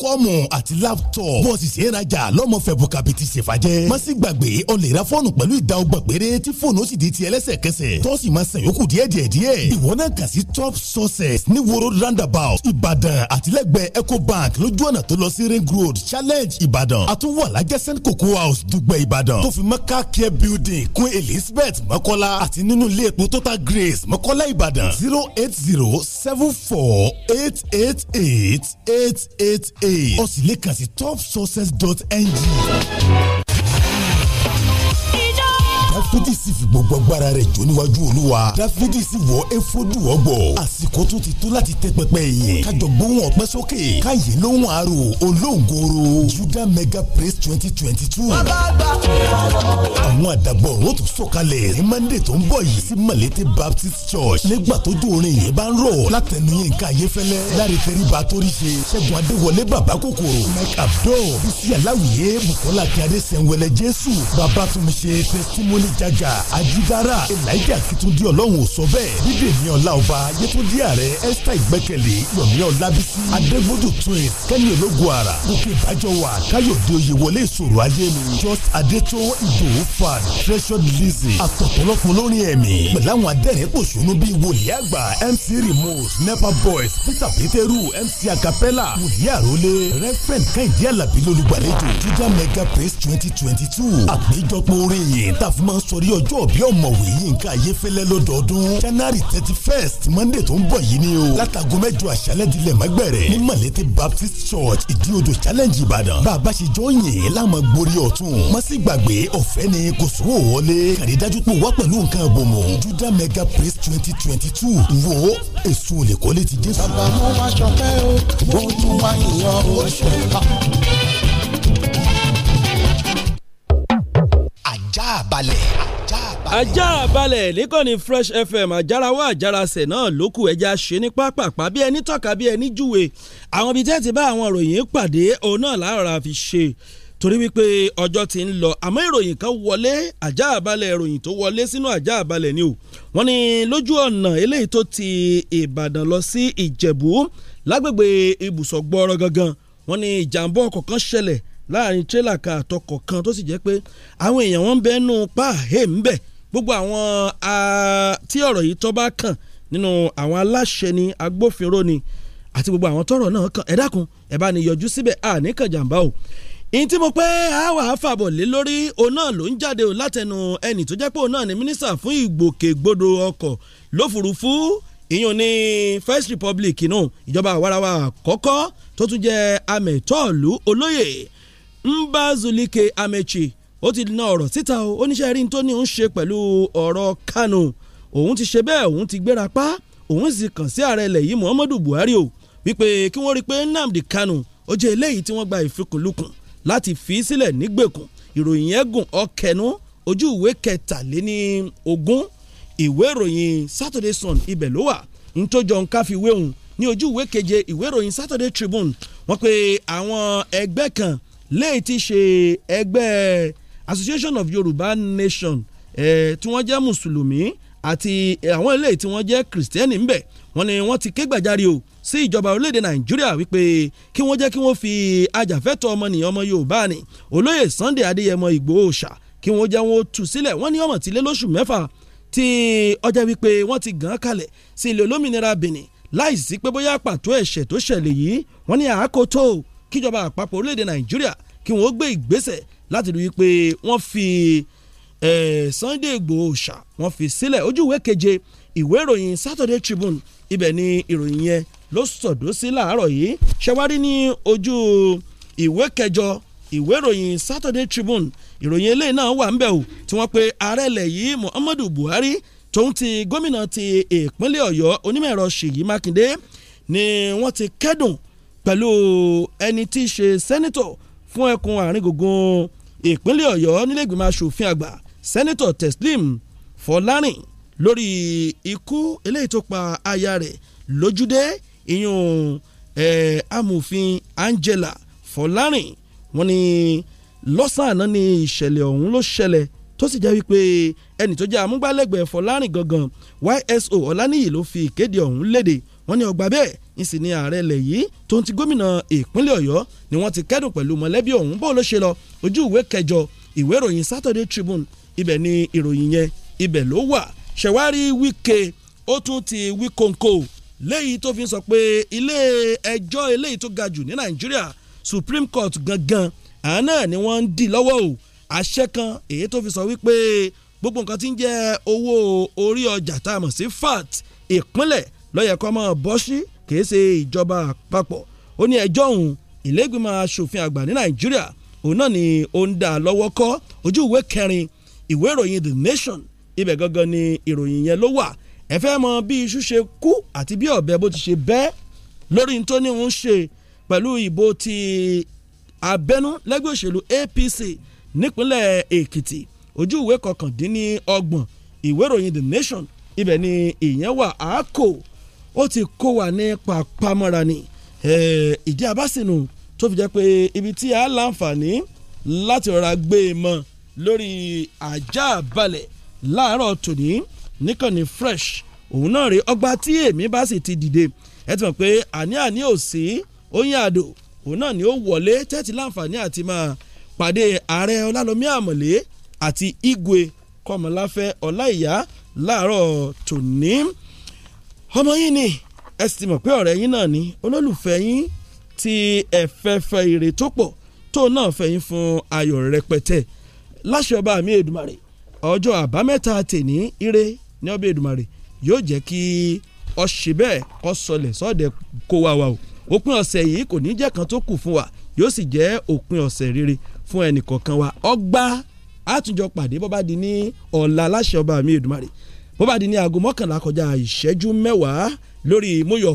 kọ́mù àti laptop bọ́ọ̀sì ṣe é rajà lọ́mọ fẹ̀bù kàbìtì ṣèfàjẹ́ má sì gbàgbé o lè ra fọ́ọ̀nù pẹ̀lú ìdá ọgbọ̀n péré tí fóònù ó sì di ti ẹlẹ́sẹ̀kẹsẹ̀ tọ́sí máa ṣàn yòókù díẹ̀ díẹ̀ díẹ̀ ìwọ náà kà sí top sources ní woro roundabout ìbàdàn àtìlẹ́gbẹ̀ẹ́ ecobank lójú ọ̀nà tó lọ sí ring road challenge ìbàdàn àtúwọ̀ alájẹ́ st Coco house dùgbẹ̀ ìbàdàn tó fi mẹ́ka care building kún elizabeth mọ́kọ́lá àti nínú ilé epo total grace mọ́kọ́lá ìbàdàn zero eight zero seven four eight eight eight eight eight aid ó sì lè kàn sí topsources.ng dáfídì sì fi gbogbo agbára rẹ̀ jó níwájú olúwa dáfídì sì wọ efodu ọgbọ̀ àsìkò tó ti tó láti tẹ́ pẹpẹ yìí kájọ gbóhùn ọpẹ́ sókè káyé lóhùn àrò olóńgòrò judah mega praise twenty twenty two. àwọn àdàgbọ̀ ọ̀rọ̀ tó sọ̀kalẹ̀ ní monday tó ń bọ̀ yìí sí malete baptist church nígbà tó dún orin yìí bá ń rọ̀ látẹnu yín ká yé fẹ́lẹ́ láre tẹ́ríba torí ṣe ṣẹ́gun adéwọlé bàbá kòkòrò mike abdul bísí aláwìyé bukola kí adé sẹ́wẹ́lẹ́ jésù bàbá tó mi ṣe testimony àjàgà àjìdára elijah akitunde ọlọ́run ò sọ bẹ́ẹ̀ bídèmí ọláọba yẹtúndí ààrẹ esther ìgbẹ́kẹ̀lé yomi ọlábísí adégbòdù twins kẹ́ni ológun ara gòkè ìbájọ́wà káyọ̀dé oyèwọlé ìṣòro ayé mi just adétó ìdòwú fan treasured lizzy àtọ̀tọ̀lọ́pọ̀ olórin ẹ̀mí pẹ̀lú àwọn adẹ́rìn pòṣónú bíi wòlíì àgbà mc remote nepa boys peter peteru mc acapella wòlíì àrólé reverend kẹ́hìndé alábí lólùgbàlejò jíjà mega praise twenty twenty two àpéjọpọ̀ orin yìí tá nítorí ọjọ́ bí ọ̀mọ̀wé Yínká Ayéfẹ́lẹ́ lọ́dọọdún January thirty first Monday tó ń bọ̀ yìí ni o látago mẹ́jọ àṣálẹ́ dilẹ̀ mẹ́gbẹ̀rẹ̀ ní Malete Baptist Church Ìdíodò challenge Ìbàdàn bá a bá ṣe jọ yìn láàmú gborí ọ̀tún má sì gbàgbé ọ̀fẹ́ ni kò sówó wọlé kàdé dájú pé wá pẹ̀lú nǹkan ìbomú Judah mega praise twenty twenty two wo èso olè kọ́lé ti Jésù. bàbá mo wá ṣọpẹ́ o mo tún wá ìyàn oṣù ká. ajá balẹ̀. ajá balẹ̀ níkànnì fresh fm àjárawọ́ àjárasẹ̀ náà lókù ẹja ṣe ní pápápá bí ẹni tọ́ka bí ẹni júwe àwọn ibi tẹ́ ti bá àwọn ìròyìn pàdé òun náà láàárọ̀ àfi ṣe torí wípé ọjọ́ ti ń lọ àmọ́ ìròyìn kan wọlé ajá àbálẹ̀ ìròyìn tó wọlé sínú ajá àbálẹ̀ ni o wọ́n ní lójú ọ̀nà eléyìí tó ti Ìbàdàn lọ sí Ìjẹ̀bú lágbègbè ibùsọ̀ gbọ́ọ́rọ́ gangan wọ́n ní ìjàmbá ọkọ̀ kan ṣẹlẹ̀ láàrin tírélà kan àtọkọ̀ kan tó sì jẹ́ pé àwọn èèyàn wọn ń bẹ nù páàhẹ́ ń bẹ̀ gbogbo àwọn tí ọ̀rọ̀ yìí tó bá kàn nínú àwọn aláṣẹ ni agbófinró ni àti gbogbo àwọn tọ́rọ̀ náà kàn ẹ dákun ẹ bá ní yọjú síbẹ̀ àníkàn jàǹbá o ìyìn tí mo pẹ́ àwà àfàbọ̀ lé lórí òun náà ló ń jáde o látẹnu ẹnì tó jẹ́ pé òun náà ni mínísítà fún ìgbòkègbodò ọkọ̀ lófurufú ìyún ní First Republic náà ìjọba àwarawa àkọ́kọ́ tó tún jẹ́ amẹ̀tọ́ọ̀lù olóyè Mba Zulike Amechi ó ti na ọ̀rọ̀ síta o oníṣẹ́ rí tó ní ń ṣe pẹ̀lú ọ̀rọ̀ Kanu òun ti ṣe bẹ́ẹ̀ òun ti gbéra pa òun sì kàn sí ààrẹ ilẹ̀ yìí Muhammadu Buhari o wípé kí wọ́n rí i pé Nnamdi Kanu ó jẹ́ eléyìí tí wọ́n gba ìfikùnlukùn láti fi sílẹ̀ nígbèkùn ìròyìn yẹn gùn ọkẹnu ojú ìwé kẹtàléní ogún ìwé ìròyìn Saturday Sun ibẹ̀ ló wà ntójọ nǹka fi wéhùn ní ojú ìwé keje ìwé ìròyìn Saturday Tribune wọ́n pe àwọn ẹgbẹ́ kan léyìí ti ṣe ẹgbẹ́ Association of Yorùbá Nation eh, tí wọ́n jẹ́ mùsùlùmí àti àwọn eléyìí tí wọ́n jẹ́ kìrìsìtẹ́nì ńbẹ̀ wọ́n ní wọ́n ti ké gbàjarì o sí ìjọba orílẹ̀-èdè nàìjíríà wípé kí wọ́n jẹ́ kí wọ́n fi ajàfẹ́tọ̀ọ́ ọmọnìyàn ọmọ yorùbá ni olóyè sunday adéyẹmọ ìgbòho ṣà kí wọ́n jẹ́ wọ́n tú sílẹ̀ wọ́n ní ọmọ tí lé lóṣù mẹ́fà tí ọjà wípé wọ́n ti gàn án kalẹ̀ sí ilé olómìnira benin láì sí pé bóyá pàtó ẹ̀ṣẹ̀ tó ṣẹlẹ̀ yìí wọ́n ní àákótó kíjọba àpapọ̀ orílẹ̀-èdè nàìjíríà kí wọ́n gbé ìgbésẹ̀ láti rí pé wọ́n fi Sunday Igboho ṣá wọ́n fi sílẹ̀ ojú ìwé keje ìwé ìròyìn Saturday Tribune ibẹ̀ ni ìròyìn yẹn ló sọ̀dọ̀ sí làárọ̀ yìí ṣẹwárí ní ojú ìwé kẹjọ ìwé ìròyìn Saturday Tribune ìròyìn eléyìí náà wà ń bẹ̀ o tí wọ́n pe ààrẹ ilẹ̀ yìí Muhammadu Buhari tóun ti gómìnà ti ìpínlẹ̀ Ọ̀yọ́ onímọ̀ ẹ̀rọ Ṣèyí Mákindé ni wọ́n ti kẹ́dùn pẹ̀lú ẹni tí í ṣe sẹ́nitọ̀ fún ẹkùn àárín gbùngbùn ìpínlẹ̀ ọ̀yọ́ nílẹ̀gbìmọ̀ asòfin àgbà sẹ́nitọ̀ Teslim Fọlárìn lórí ikú eléyìí tó pa aya rẹ̀ lójúdé ìyún eh, amòfin Angela Fọlárìn wọ́n ní lọ́sàn-án àná ni ìṣẹ̀lẹ̀ ọ̀hún ló ṣẹlẹ̀ tó sì jẹ́ wípé ẹnì tó jẹ́ amúgbálẹ́gbẹ̀ẹ́ Fọlárìn gangan YSO Ọláníyì ló fi ìkéde ọ̀hún léde wọ́n ní ọgbà bẹ́ẹ̀ ìsìn ni ààrẹ ilẹ̀ yìí tó ń ti gómìnà ìpínlẹ̀ ọ̀yọ́ ni wọ́n ti kẹ́dùn pẹ̀lú mọ̀lẹ́bí ọ̀hún bó ló ṣe lọ ojú ìwé kẹjọ ìwé ìròyìn Saturday Tribune ibẹ̀ ni ìròyìn yẹn ibẹ̀ ló wà ṣẹ̀wárí Wike ó tún ti wí kòǹkò léyìí tó fi sọ pé ilé ẹjọ́ eléyìí tó ga jù ní Nàìjíríà Supreme Court gangan àná ni wọ́n ń dì lọ́wọ́ o àṣẹ kan èyí tó fi sọ wípé gbogbo nǹkan tí ń jẹ́ owó orí ọjà tá a mọ̀ sí VAT ìpínlẹ̀ ló yẹ kó kìí ṣe ìjọba àpapọ̀ ó ní ẹjọ́ òun ìlẹ́gbìmọ̀ asòfin àgbà ní nàìjíríà òun náà ni ó ń dà lọ́wọ́ kọ́ ojú ìwé kẹrin ìwé ìròyìn the nation ibẹ̀ gangan ni ìròyìn yẹn ló wà ẹ fẹ́ mọ bí iṣu ṣe kú àti bí ọ̀bẹ bó ti ṣe bẹ́ lórí tó ní òun ṣe pẹ̀lú ìbò ti abẹ́nú lẹ́gbẹ́ òṣèlú APC nípínlẹ̀ èkìtì ojú ìwé kọkàndínní ọgbọ̀n ìwé ìròyìn the nation ibẹ̀ ni ìyẹn wà àákò ó ti kó wa ní pàpamọ́ra ni ìdí abásínú tó fi jẹ́ pé ibi tí a láǹfààní láti rọra gbé e mọ́ lórí ajá balẹ̀ láàárọ̀ tòní níkànnì fresh òun náà rèé ọgbà tí èmi bá sì ti dìde ẹ ti mọ̀ pé àní àní ò sí oyin àdó òun náà ni ó wọlé tẹ́tí láǹfààní àti máa pàdé ààrẹ ọlálọ́mí àmọ̀lé àti igwe kọmọláfẹ́ ọláìyá láàárọ̀ tòní ọmọ yín ni ẹ sì mọ̀ pé ọ̀rẹ́ yín náà ni olólùfẹ́ yín ti ẹ̀fẹ̀fẹ̀ ire tó pọ̀ tó náà fẹ̀yìn fún ayọ̀ rẹpẹtẹ láṣẹ mi Èdùmàrè ọjọ́ àbámẹ́ta tèní ire ní ọba Èdùmàrè yóò jẹ́ kí ọ̀sẹ̀ bẹ́ẹ̀ kọ́ sọlẹ̀ sọ́ọ̀dẹ̀ kó wa wa o òpin ọ̀sẹ̀ yìí kò ní jẹ́ kan tó kù fún wa yóò sì jẹ́ òpin ọ̀sẹ̀ rere fún ẹnìkọ̀ọ̀kan wa ọgbà àtúnjọ pàdé bọ́ba di ní ọ̀la láṣẹ mi Èdùmàrè bó bá di ní aago mọ́kànlá kọjá ìṣẹ́jú mẹ́wàá lórí múyọ̀